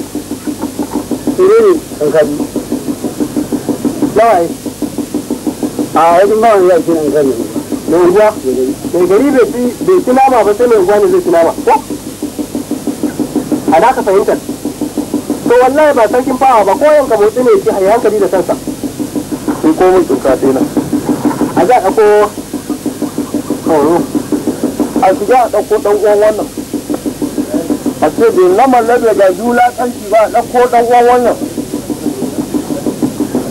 ne an kaji nawa a wajen nawa ya an kaji ne ya mai gari bai ci bai ci nama ba sai mai unguwa ne zai ci nama ko a da ka fahimtar to wallahi ba san sarkin fawa ba ko yanka motsi ne ci hayi hankali da kansa sun ko mun tuka na a za a ko kawo a shiga a ɗauko ɗan uwan wannan a ce bai nama na daga jula tsanki ba a ɗauko ɗan uwan wannan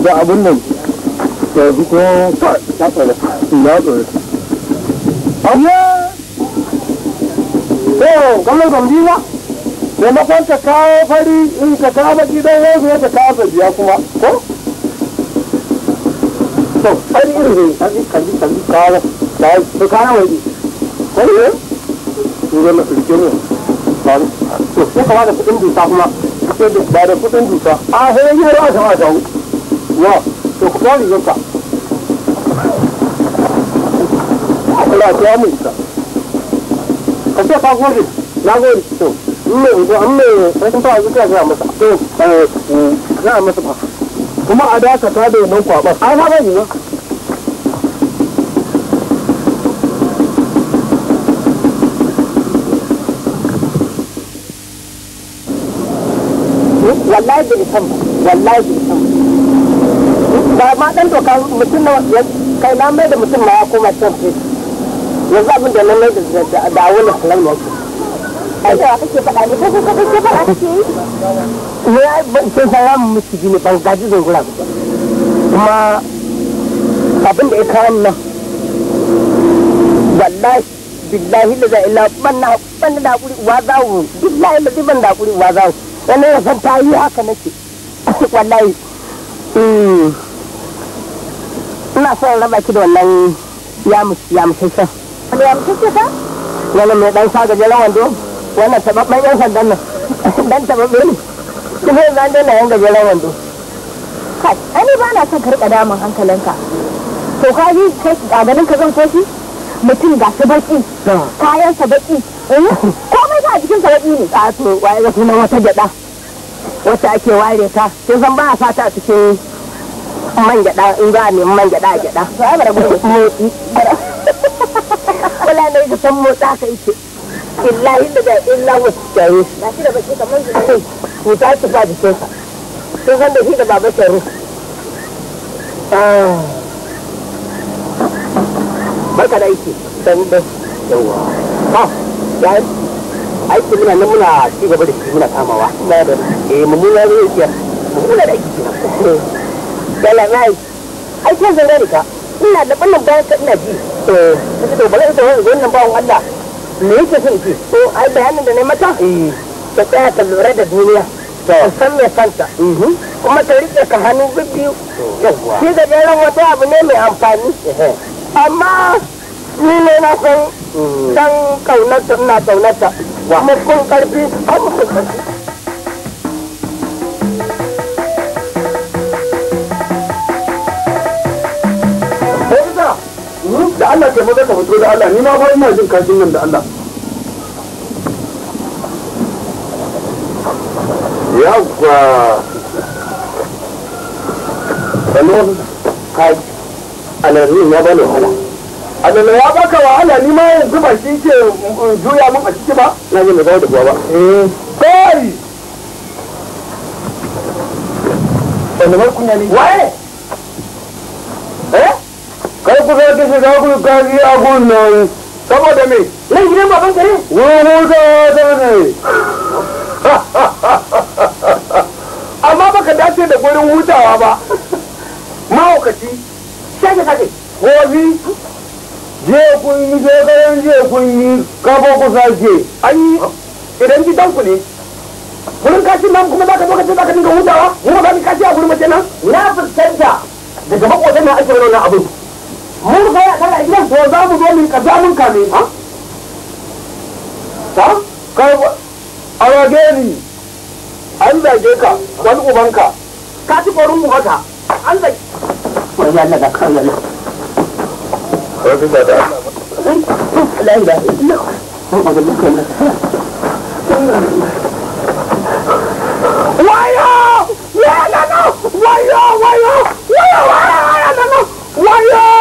da abin nan yanzu ko ta tsare ta tsare to kamar gamji ba maimakon ta kawo fari in ka kawo baki don wasu ya ta kawo sabiya kuma ko to fari irin ne kalli kalli kalli kawo ko ne ne na ne to kama da kudin dusa kuma ba da kudin dusa a yi da to ku kawo Allah ya ka a eh, da wannan kwabar ai na wallahi ba ma dan mutum na kai na mai da mutum ma ya koma can yanzu abin da na mai da ne ban ne ban gaji ba kuma abin da ya kawo nan wallahi billahi da zai ila banna banna da kuri zawo billahi da zai banna da kuri wa zawo ya san ta yi haka nake <laughs> wallahi hmm. ina son raba ki da wannan yamus yamusassan Wani ya kuke ta? Wani mai ɗan sa gajeren wando? Wannan taɓaɓɓen ƴan sandan Dan taɓaɓɓe ne. Kuma yanzu an gajeren wando. Kai, ani ba na son karɓa damun hankalinka. To ka yi a ganin ka zan koshi? Mutum ga su baƙi. Kayansa baƙi. Komai ka jikinsa baƙi ne. A to, waye ga sunan wata gyaɗa. Wacce ake ware ta. Sai san ba a sata a cikin man gyaɗa in za a nemi man gyaɗa a gyaɗa. Allah ne ga san motsa ka da jaye na shi da baki ku ta ci ba jikin sun san da shi da baba ah. barka da aiki san da yawa ha ya aiki muna nan muna ci gaba da shi muna kamawa eh zai yi da aiki kenan zan <laughs> gani ka ina da ɓannan bayan ka ina ji ta to bala ita wani wannan bawon ai da na mata eh. ta tsaya ta lura duniya ta san me mhm. kuma ta rike ka hannu bibbiyu shi da daren abu ne mai amfani amma ni ne na san mm. karfi da Allah ke maza ka fito da Allah ni ma fa ina jin kashin nan da Allah yawwa sannan kai alarri ya bani wahala adana ya baka wahala ni ma yanzu ba shi ke juya min a ciki ba na yi mai da kuwa ba eh. kai sannan kunya ne waye ku za kisa za ku kaji a gunnan saboda me nan gidan baban kare wuhu da da ne amma baka dace da gurin hutawa ba mahaukaci shake shake kofi je kun yi karen je kun yi kafa ku sake an yi idan gidan ku ne gurin kashi nan kuma za ka zo ka ce za ka dinga hutawa mu za ka kashi a gurin mace nan na fuskanta daga makotan na ake wani abin mun ga ya idan. to za mu zo mu kaza mun kame ha ta kai a rage ni an zage ka dan ubanka ka ci korin mu haka an zage wai Allah da kai Allah ko da da la ilaha illallah Wayo! Wayo, wayo! Wayo, wayo, wayo, Wayo!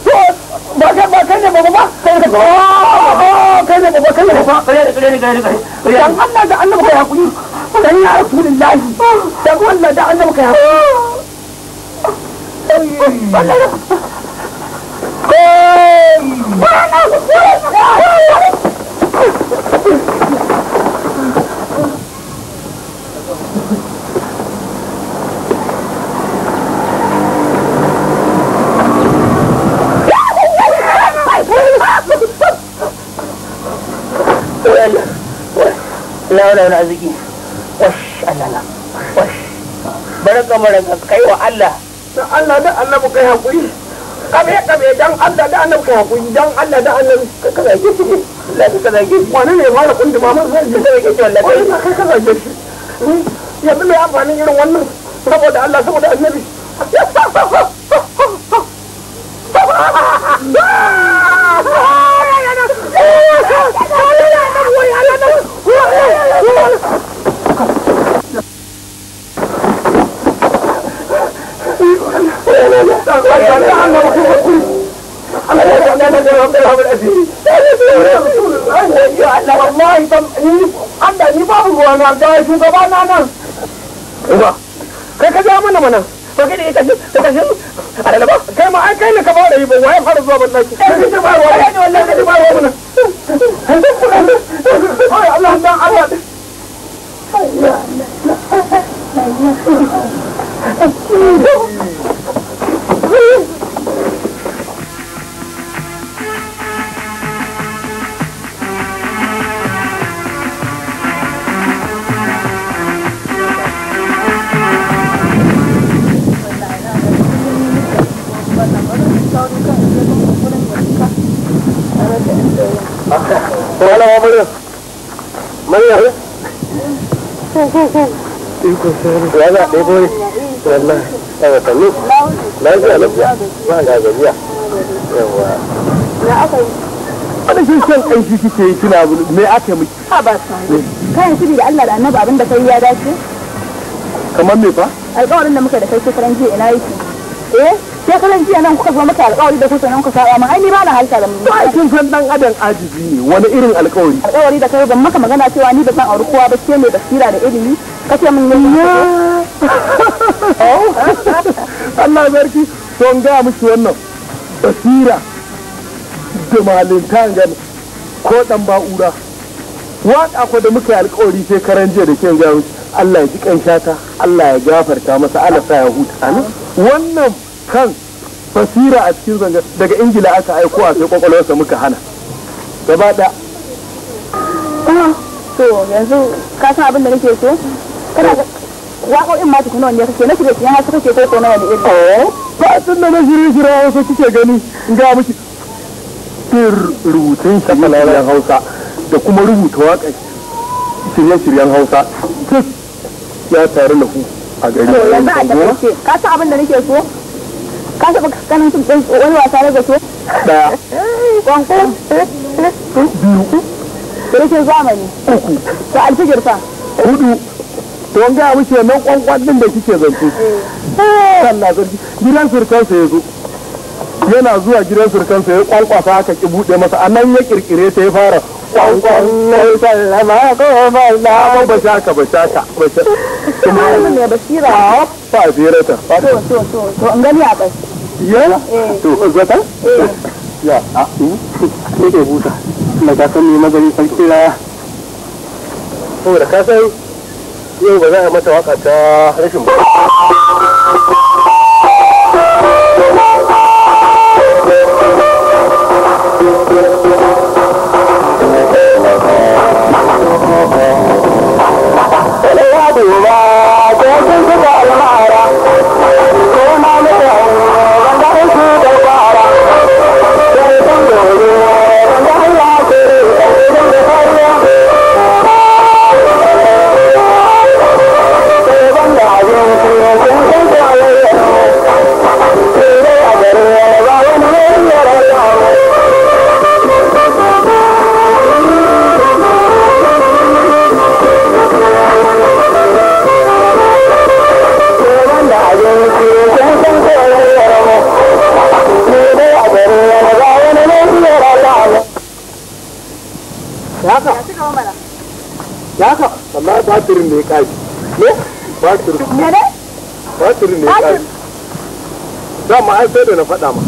ba kai ba kai ne baba ba kai ne baba kai ne baba kai ne baba kai ne kai ne kai ne dan Allah da Allah kai hakuri dan ya rasulullahi dan Allah da Allah kai hakuri na wani wani arziki wash wash kai wa Allah dan Allah da annabi kai hakuri kabe dan Allah da kai hakuri dan Allah da ka zage shi zage shi ne mun zage shi wallahi kai ka zage shi irin wannan saboda Allah saboda annabi <laughs> wallahi ban ni Allah ni ba mu ruwa na da shugaba na nan ba kai ka ja mana mana to kai da ita ta kashin alalaba kai ma ai kai ne ka fara yi ba waye fara zuwa ban naki kai ne ba ruwa ne wallahi ka ba ruwa mana ai Allah Allah a watanni lafiya lafiya na wani shi shan aiki kike yi kina abu me aka miki ha ba sani kayan da Allah da annabi abin kai ya dace kamar me fa alƙawarin da muka da kai shekaran jiya ina yake eh shekaran jiya nan kuka zo maka alƙawari da kusa nan kuka saba mun ai ni ba na halka da mun ba kin san dan adam ajibi ne wani irin alƙawari alƙawari da kai ban maka magana cewa ni ba san auri kowa ba ce mai basira da ilimi kashe min ne ya Allah zarki to ga miki wannan basira da malinta gani ko dan ba'ura waka ko da muka yi alkawari sai karan jiya da kin gawo Allah ya ji kan Allah ya gafarta masa Allah sa ya huta wannan kan basira a cikin zanga daga ingila aka aiko a sai kwakwalwarsa muka hana gaba da ah, to yanzu ka san abin da nake so kana waƙoƙin ma tukuna wanda kake na shirye shiryen haka kake ko na wani iri oh ba tun da na shirye shiryen wasu kike gani in ga miki rubutun shirye-shiryen hausa da kuma rubuta waƙa shirye-shiryen hausa ya taru da ku a gari to yanzu a takaice ka san abin da nake so ka taɓa kanin sun wani wasa na so. ɗaya ƙwanƙwan biyu da rashin zamani uku da alfijir fa hudu to an gaya muke nan kwankwan din da kike zance Allah sarki gidan surkansa ya zo yana zuwa gidan surkansa ya kwankwasa aka ki bude masa a nan ya kirkire ta ya fara kwankwan mai sallama ko balla ba ba shaka ba shaka ba shaka kuma ne basira ba zirata to to to to an gani a bai ya to zata ya a ne ke buta na ga kan ne magani sarki la saboda ka sai yau ba za a mata waka ta rashin ba da haka amma batirin ne ne batirin ne batirin ne dama an sai da na faɗa ma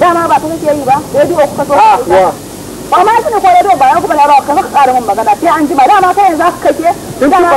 dama ba ta kake yi ba ah, rediyo ku kaso ba ba ma tuni ko rediyo ba kuma na ƙara min magana sai an ji ba dama kai yanzu ka kake dama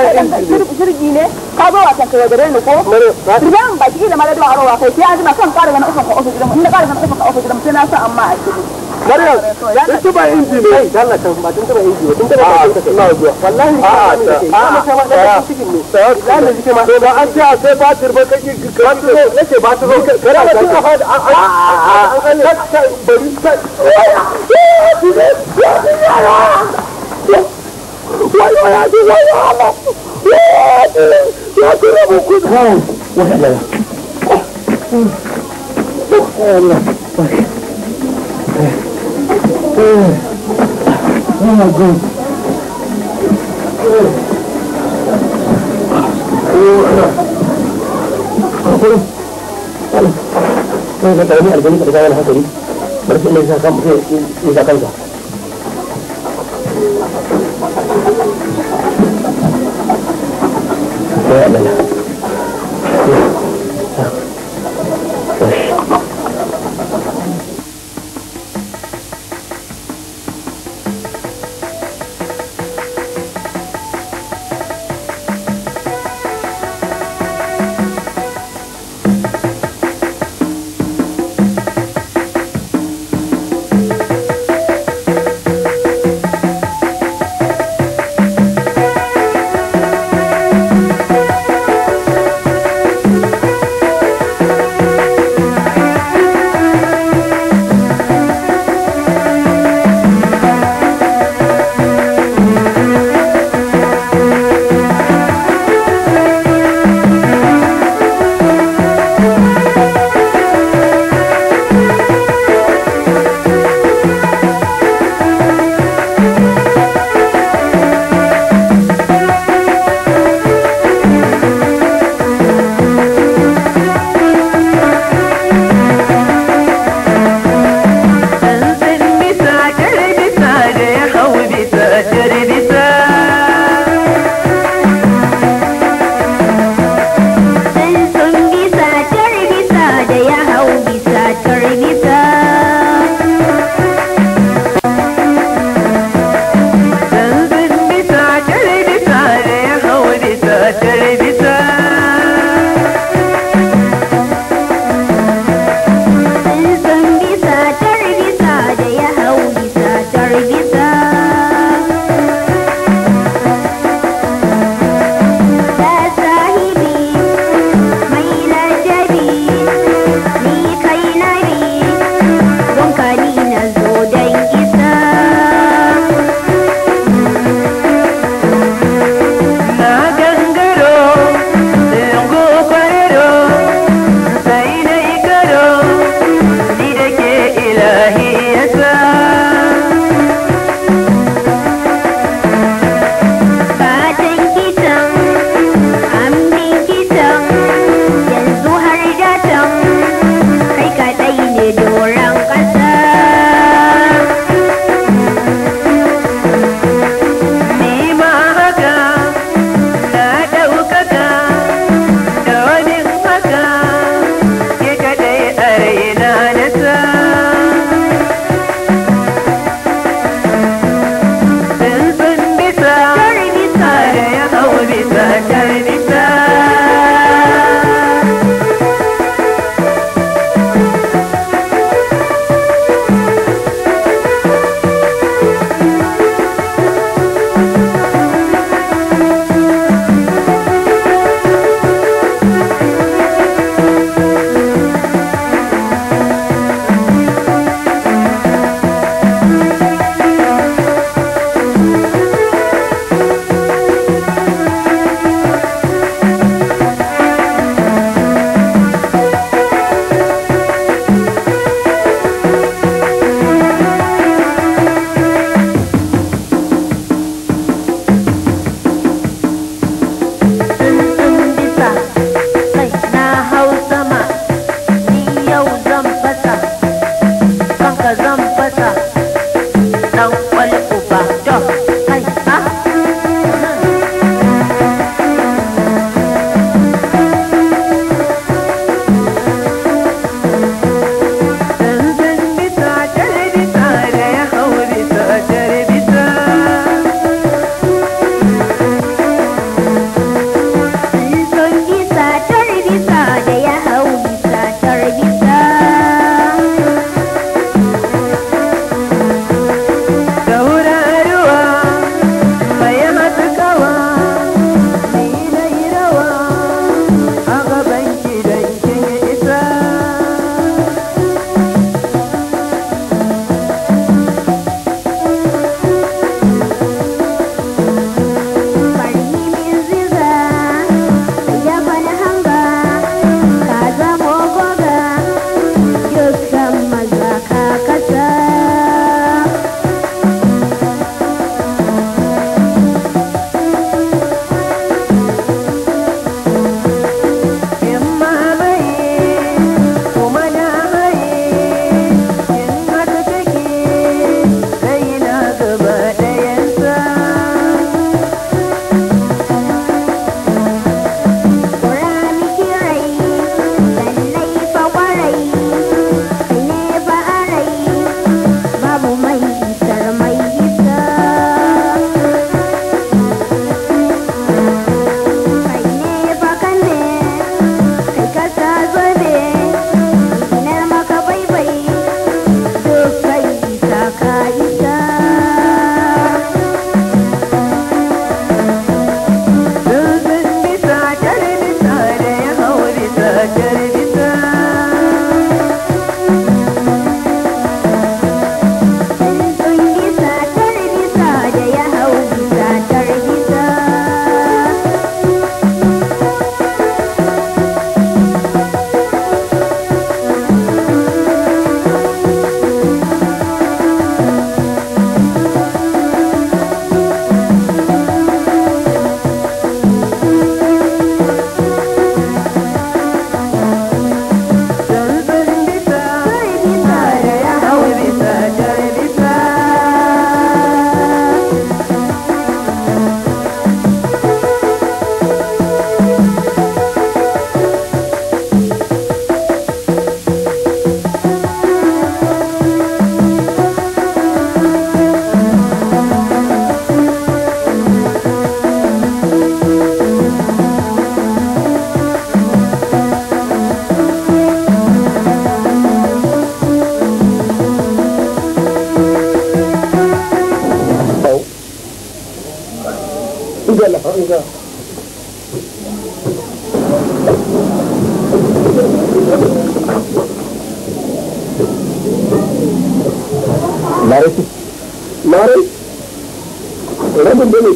jirgi ne ka zo wasan ka ko kila ma da dawa rawa kai sai an jima son ƙara ganin ofin ka ofis gidanmu inda ƙara ganin ofin ka ofis gidanmu sai na sa amma a cikin Maryam, kin tuba inji ne. Kai, Allah ta ba kin tuba inji ne. Kin tuba inji ne. Ina zuwa. Wallahi ka ne kake. Ina maka ma da cikin ne. Lalle jike ma. To ba an ce a sai batir ba kake kan tuba. Nace ba tuba. Kada ba tuba fa da an an an an bari ta. Wai wai ya ji wai Allah. Ya ji. Ya ji rabu ku. Wai Allah. Allah. Oh my God. Saya kata ini harganya pada kawan hati. Berarti ini bisa kamu, bisa kamu.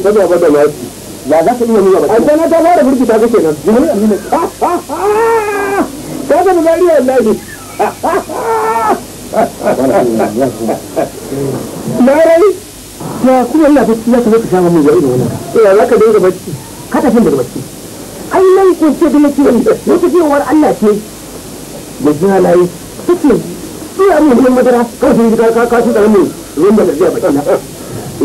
ce ta gaba da lati za ka iya nuna ba ai kana ta fara burki ta kake jini a nuna ta ga da dariya wallahi Marai, ya kuma ina bacci ya kuma ka sha mamu ya wani Ya za ka dinga bacci. Ka tafi da bacci. Ai nan ko ce da nake yi, wata cewar Allah ce. Da jihalaye, take ina mun madara, kawai sai ka ka su da mun ruwan da zai bacci na.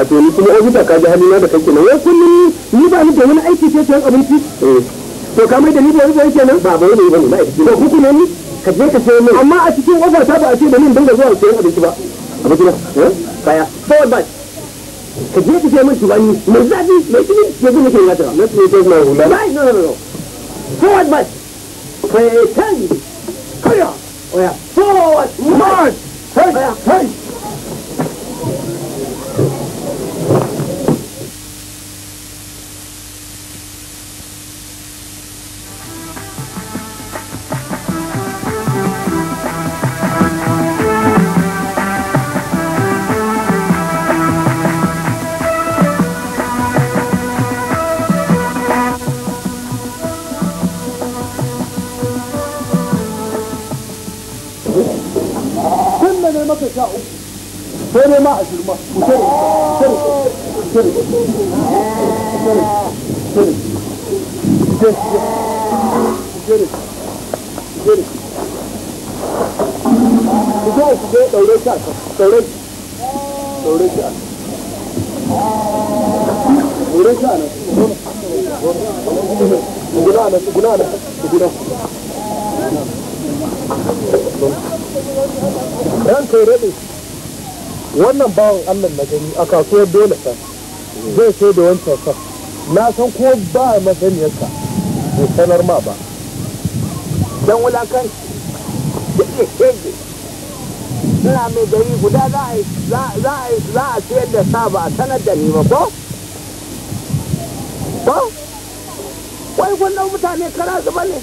wato ni kuma ofisa ka ji halina da kake nan wai kullum ni ba ni da wani aiki sai abinci eh. to kamar mai da ni da wani aiki nan ba ba wani bane ma'aikaci ba kuku ne ni ka je ka sayo min amma a cikin ofar ta ba a ce da min dinga zuwa sayan abinci ba abinci eh? ba kaya forward back ka je ka sayo min tubani mai zafi mai kini ya zo nake na tara na tsaye ta mai hula ba no no no forward back kai jiya ne maka sha uku sai ne ma ashirin ma ku tare tare tare tare tare tare tare tare ku zo ku zo daure shi a daure daure shi daure shi a guna nan guna nan guna ranka ya rade wannan bawan allah na gani a kasuwar dole sa zai sai da wancan sa na san ko ba a masaniyarka bai sanar ma ba don wulakan da iya keje ina mai gari guda za a sayar da sa ba a sanar da ni ba ko? ko? wai gwannan mutane kara zuba ne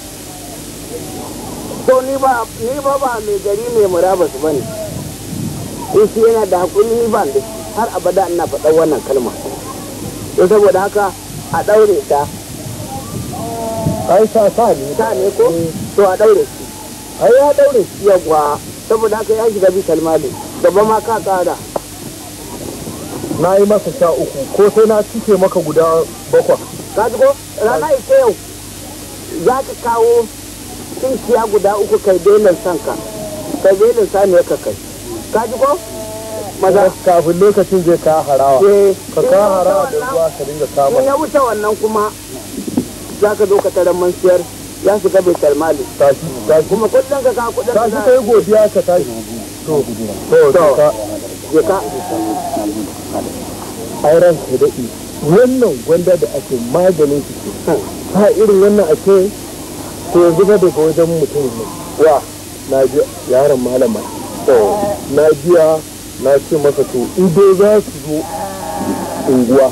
ko ni ba ni ba ba mai gari mai murabas ba ne in eh, shi yana da hakuri ni ba da har abada ina faɗa wannan kalma to saboda haka a ɗaure ta ai sa sa ne sa ne ko to a ɗaure shi ai ya ɗaure shi yawwa saboda haka ya shiga bi kalmali gaba ma ka ƙara na yi masa sha uku ko sai na cike maka guda bakwai ka ji ko rana ita yau za ka kawo tsinkiya guda uku kai belin sanka kai belin saniya ka kai ka ji ko maza eh, kafin lokacin zai eh. ka harawa ka ka harawa da ruwa ka dinga kama ya wuce wannan kuma za ka zo ka tarar man siyar ya shiga bai talmali kuma kullum ka ka kudin ka ka yi godiya ka tashi to to to ka auren ka daɗi wannan gwanda da ake maganin su ta irin wannan ake to yanzu ba daga wajen mutum ne wa na ji yaron malama to na jiya na ce masa to ido za su zo unguwa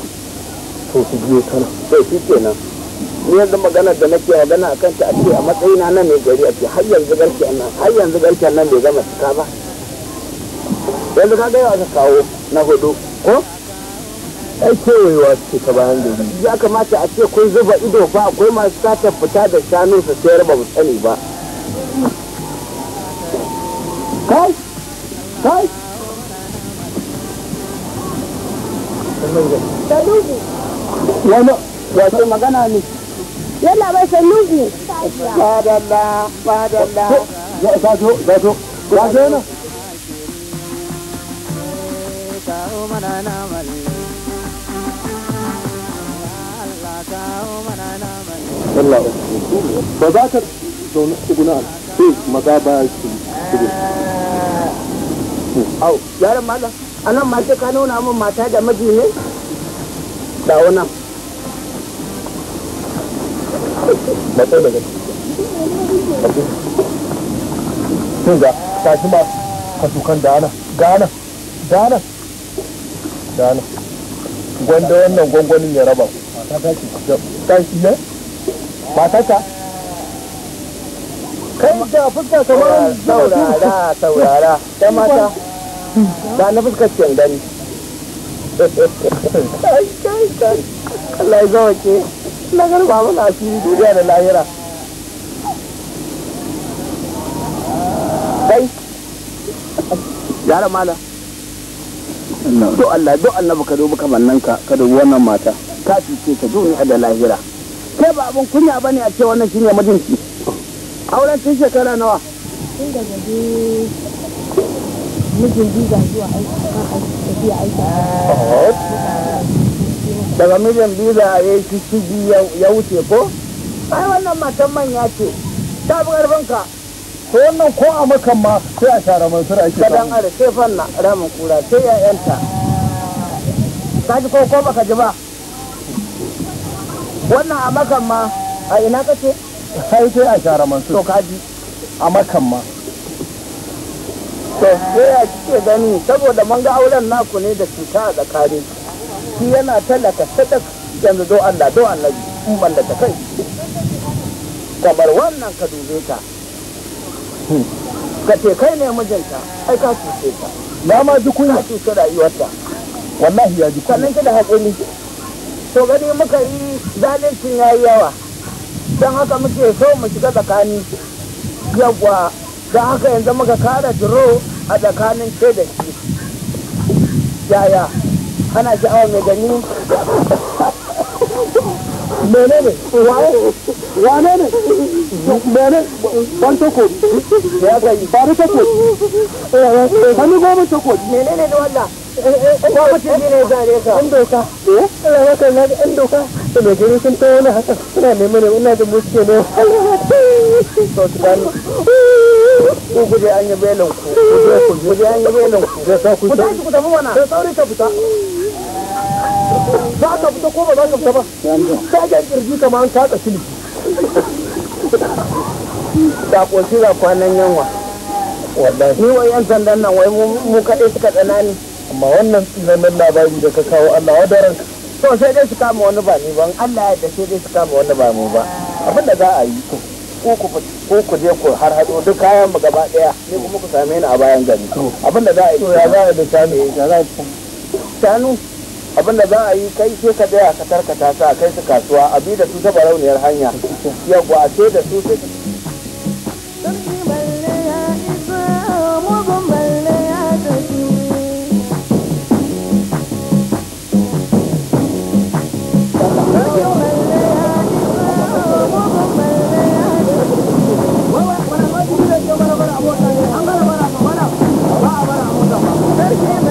to su biyo kana. sai shi kenan ni yanzu magana da nake magana akan ta a a matsayina na mai gari a ce har yanzu garken nan har yanzu garken nan bai gama cika ba yanzu ka ga yau aka kawo na hudu ko ai kewayewa suke ta bayan gari ya kamata a ce kun zuba ido ba akwai masu sata fita da shanun sa sayar ba mu sani ba kai kai wani wato magana ne yana bai sanugu fadalla fadalla zato zato zato yana na Allah ba za ka zaune tsuguna sai maza ba su au yaran malam anan ma ka nuna min mata da miji ne da wannan mata ga tashi ma ka dana dana dana dana gwanda wannan gwangwanin ya raba ku kai da fuska kamar saurara saurara ta mata ba na fuskar Allah ya ke na garba mana asiri duniya da lahira kai mala Allah Allah baka kamar nan ka dubi wannan mata Kafi ce ka a da lahira kai ba abin kunya ba ne a ce wannan shine mijinki auren tun shekara nawa tun daga dai mijin biza zuwa aiki kan aiki aiki daga mijin biza a yi shishigi ya wuce ko ai wannan matan manya ce ta bi ƙarfinka ko wannan ko a makan ma sai a share mai sura ake kadan ari sai fanna ramin kura sai ya yanta ka ji ko ko baka ji ba wannan a makan a ina ka ce sai sai a share man to kaji a makamma. ma to sai a kike gani saboda mun ga auren naku ne da cuta a tsakani shi yana talaka sadak yanzu do Allah do annabi in mallaka kai kamar wannan ka dube ta hmm. ka ce kai ne mijinta ai ka cuce ta na ma ji kunya cuce rayuwarta wallahi ya ji kunya sannan ki da haƙuri to gani muka yi zalincin ya yi yawa don haka muke so mu shiga tsakani yawwa don haka yanzu muka kara duro a tsakanin ce da shi yaya ana awa mai gani mene ne wane ne mene ban tako ya gani bari tako hannu eh, eh, eh, tako mene ne wanda mutum ne zare ka an doka eh Allah ya kai na an doka da mai gari sun tawo na haka suna neman ne ina da muke ne to tunan ku guje an yi belon ku guje ku guje an yi belon ku da sa ku ta ku tafi wana da sauri ka fita za ka fita ko ba za ka fita ba ka ga kirji kamar an kada shiri da koshi da kwanan yanwa wallahi ni wa yan sandan nan wai mu kaɗai suka tsanani amma wannan zaman labari da ka kawo Allah wa daren to sai dai su kama wani ba ni ban Allah ya da sai dai su kama wani ba mu ba abin da za a yi to ko ku ko ku je ku har hado duk kayan mu gaba daya ne kuma ku same ni a bayan gari abin da za a yi ya za a da shanu eh, ya za a shanu abin da za a yi kai sai ka daya ka tarkata ta kai su kasuwa abi da su ta barauniyar hanya <laughs> yawwa a da su sai Thank you.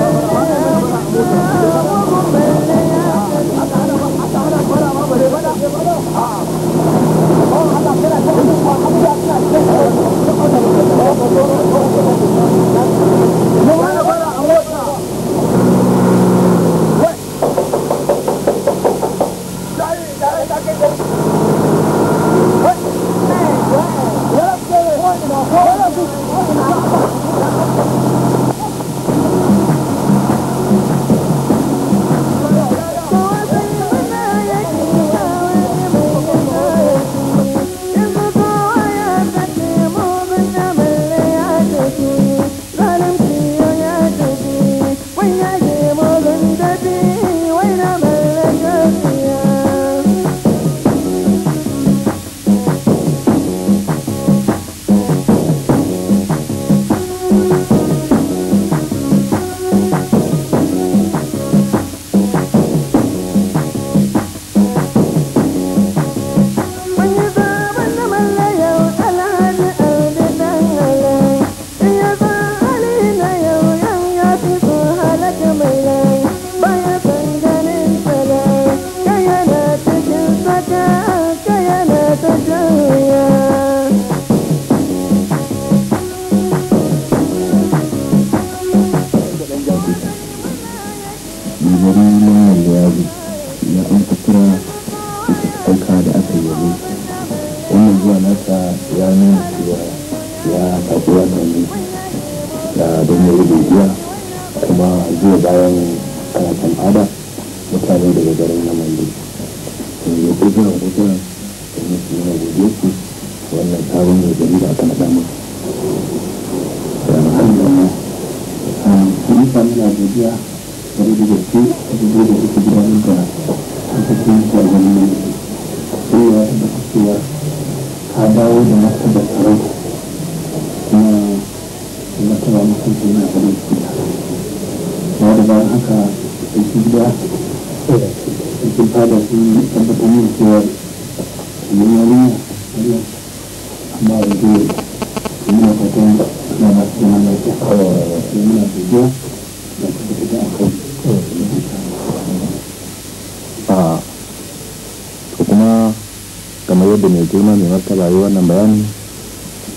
shi mai martaba yi wannan bayani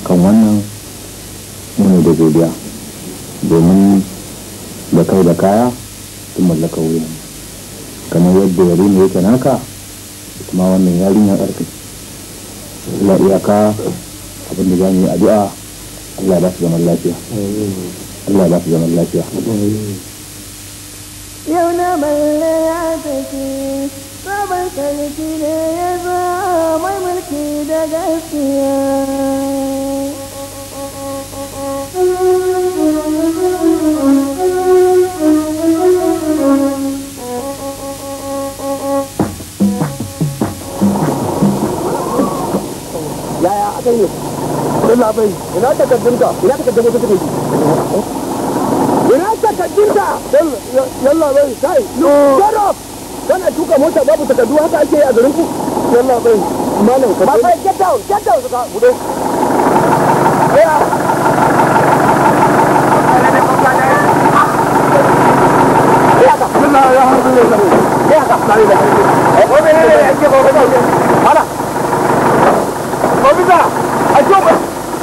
kan wannan muni da zobiya domin da kai da kaya sun mallaka wuya kamar yadda yari ne yake naka kuma wannan yari ne ƙarfi la iyaka abinda za mu yi addu'a Allah ba su zaman lafiya Allah ba su zaman lafiya yau na balle ya tafi mulki ne ya ba mai mulki da gaskiya yaya aka yi sun labai ina takardunka ina takardun wasu suke ji ina takardunka yalla bai sai yorof kana tuka mota babu takardu haka ake yi a garin ku yalla bai malam ka bai get down get down suka aya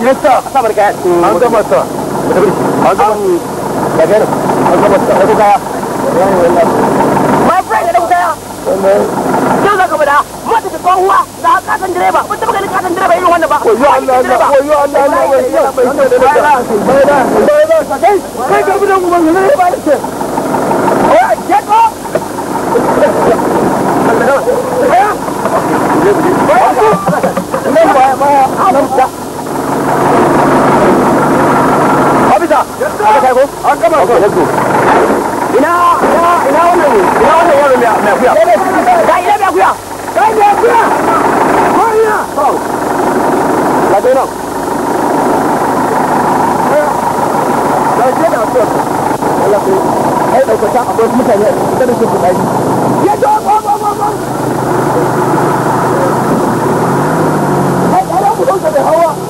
Yes sir. An gama sir. kaya. kaya. ne da yadda a ga ko an gama ko ina ina ina wannan ina akuya ko to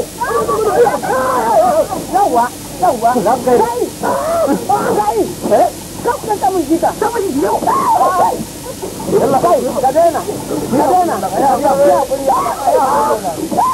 yawwa yawwa kai eh, kai kai kafin ta mun jika ta mun jika kai ka daina ka daina ya ya ya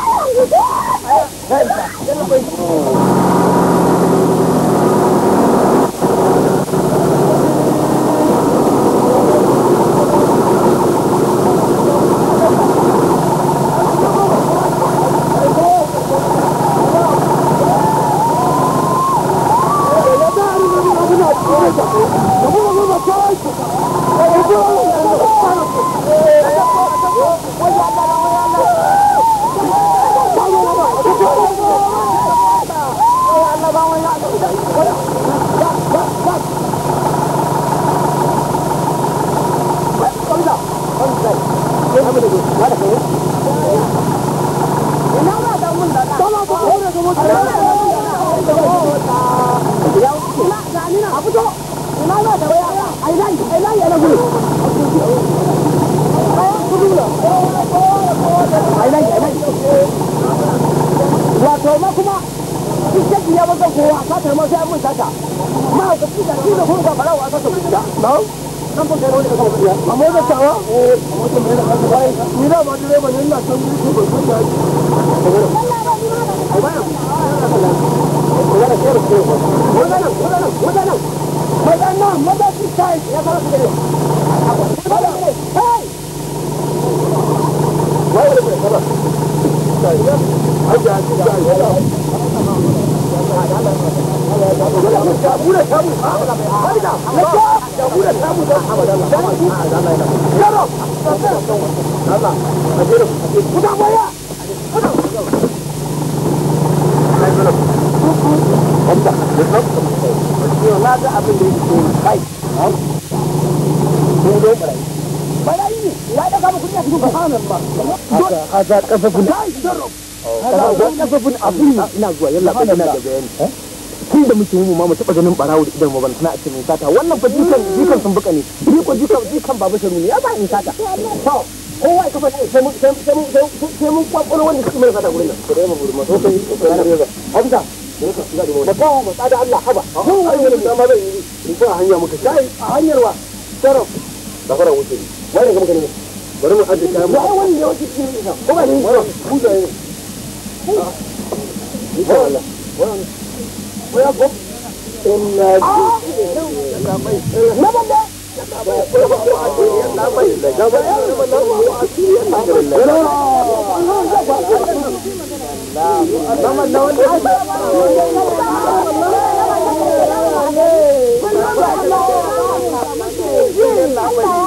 haza kasafin haza abin oh, ina zuwa yalla ba ina da bayani eh? tun da muke mu ma mu taba ganin barawo da idan maban tana a cikin sata wannan fa jikan mm. jikan sun buka ne ni ko jikan jikan baba sharu ne ya ba in sata to kowa ya kafa sai mun sai mun sai mun kwakwalo wanda suke mara sata gurin nan ko dai mu gurin ma to kai hamza da kawo mu tsada Allah haba kowa ya da ma zai yi in ba hanya muka sai a hanyar wa sarrafa da fara wuce wai ne kuma ne bari mu aje kayan mu ai wani ya wuce ko ba ne ku da ne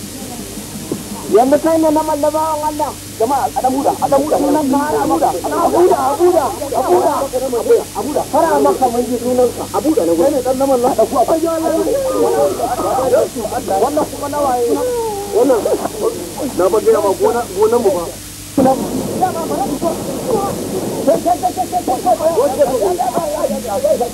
yanzu kai ne na mallabawan Allah jama'a a dan huda a dan huda sunan ka har abuda abuda abuda abuda fara maka mun ji sunan ka abuda na gode ne dan na mallah da ku a bayyana wannan kuma na waye wannan na ba ga ma gona gonan mu ba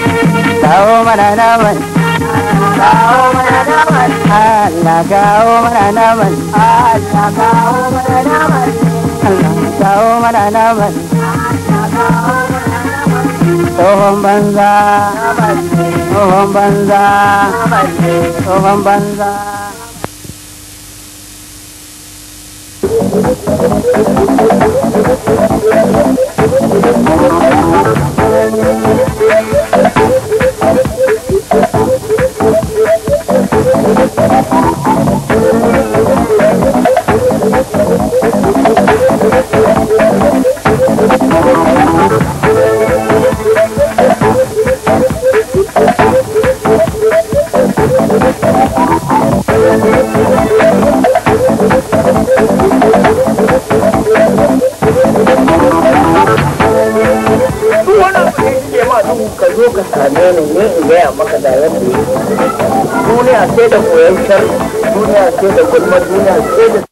kawo mana naman kawo mana naman Allah kawo mana naman Allah kawo mana naman Allah kawo mana naman tsohon banza tsohon banza tsohon banza Thank you. ƙarshen duniya ce da gulmar duniya ce da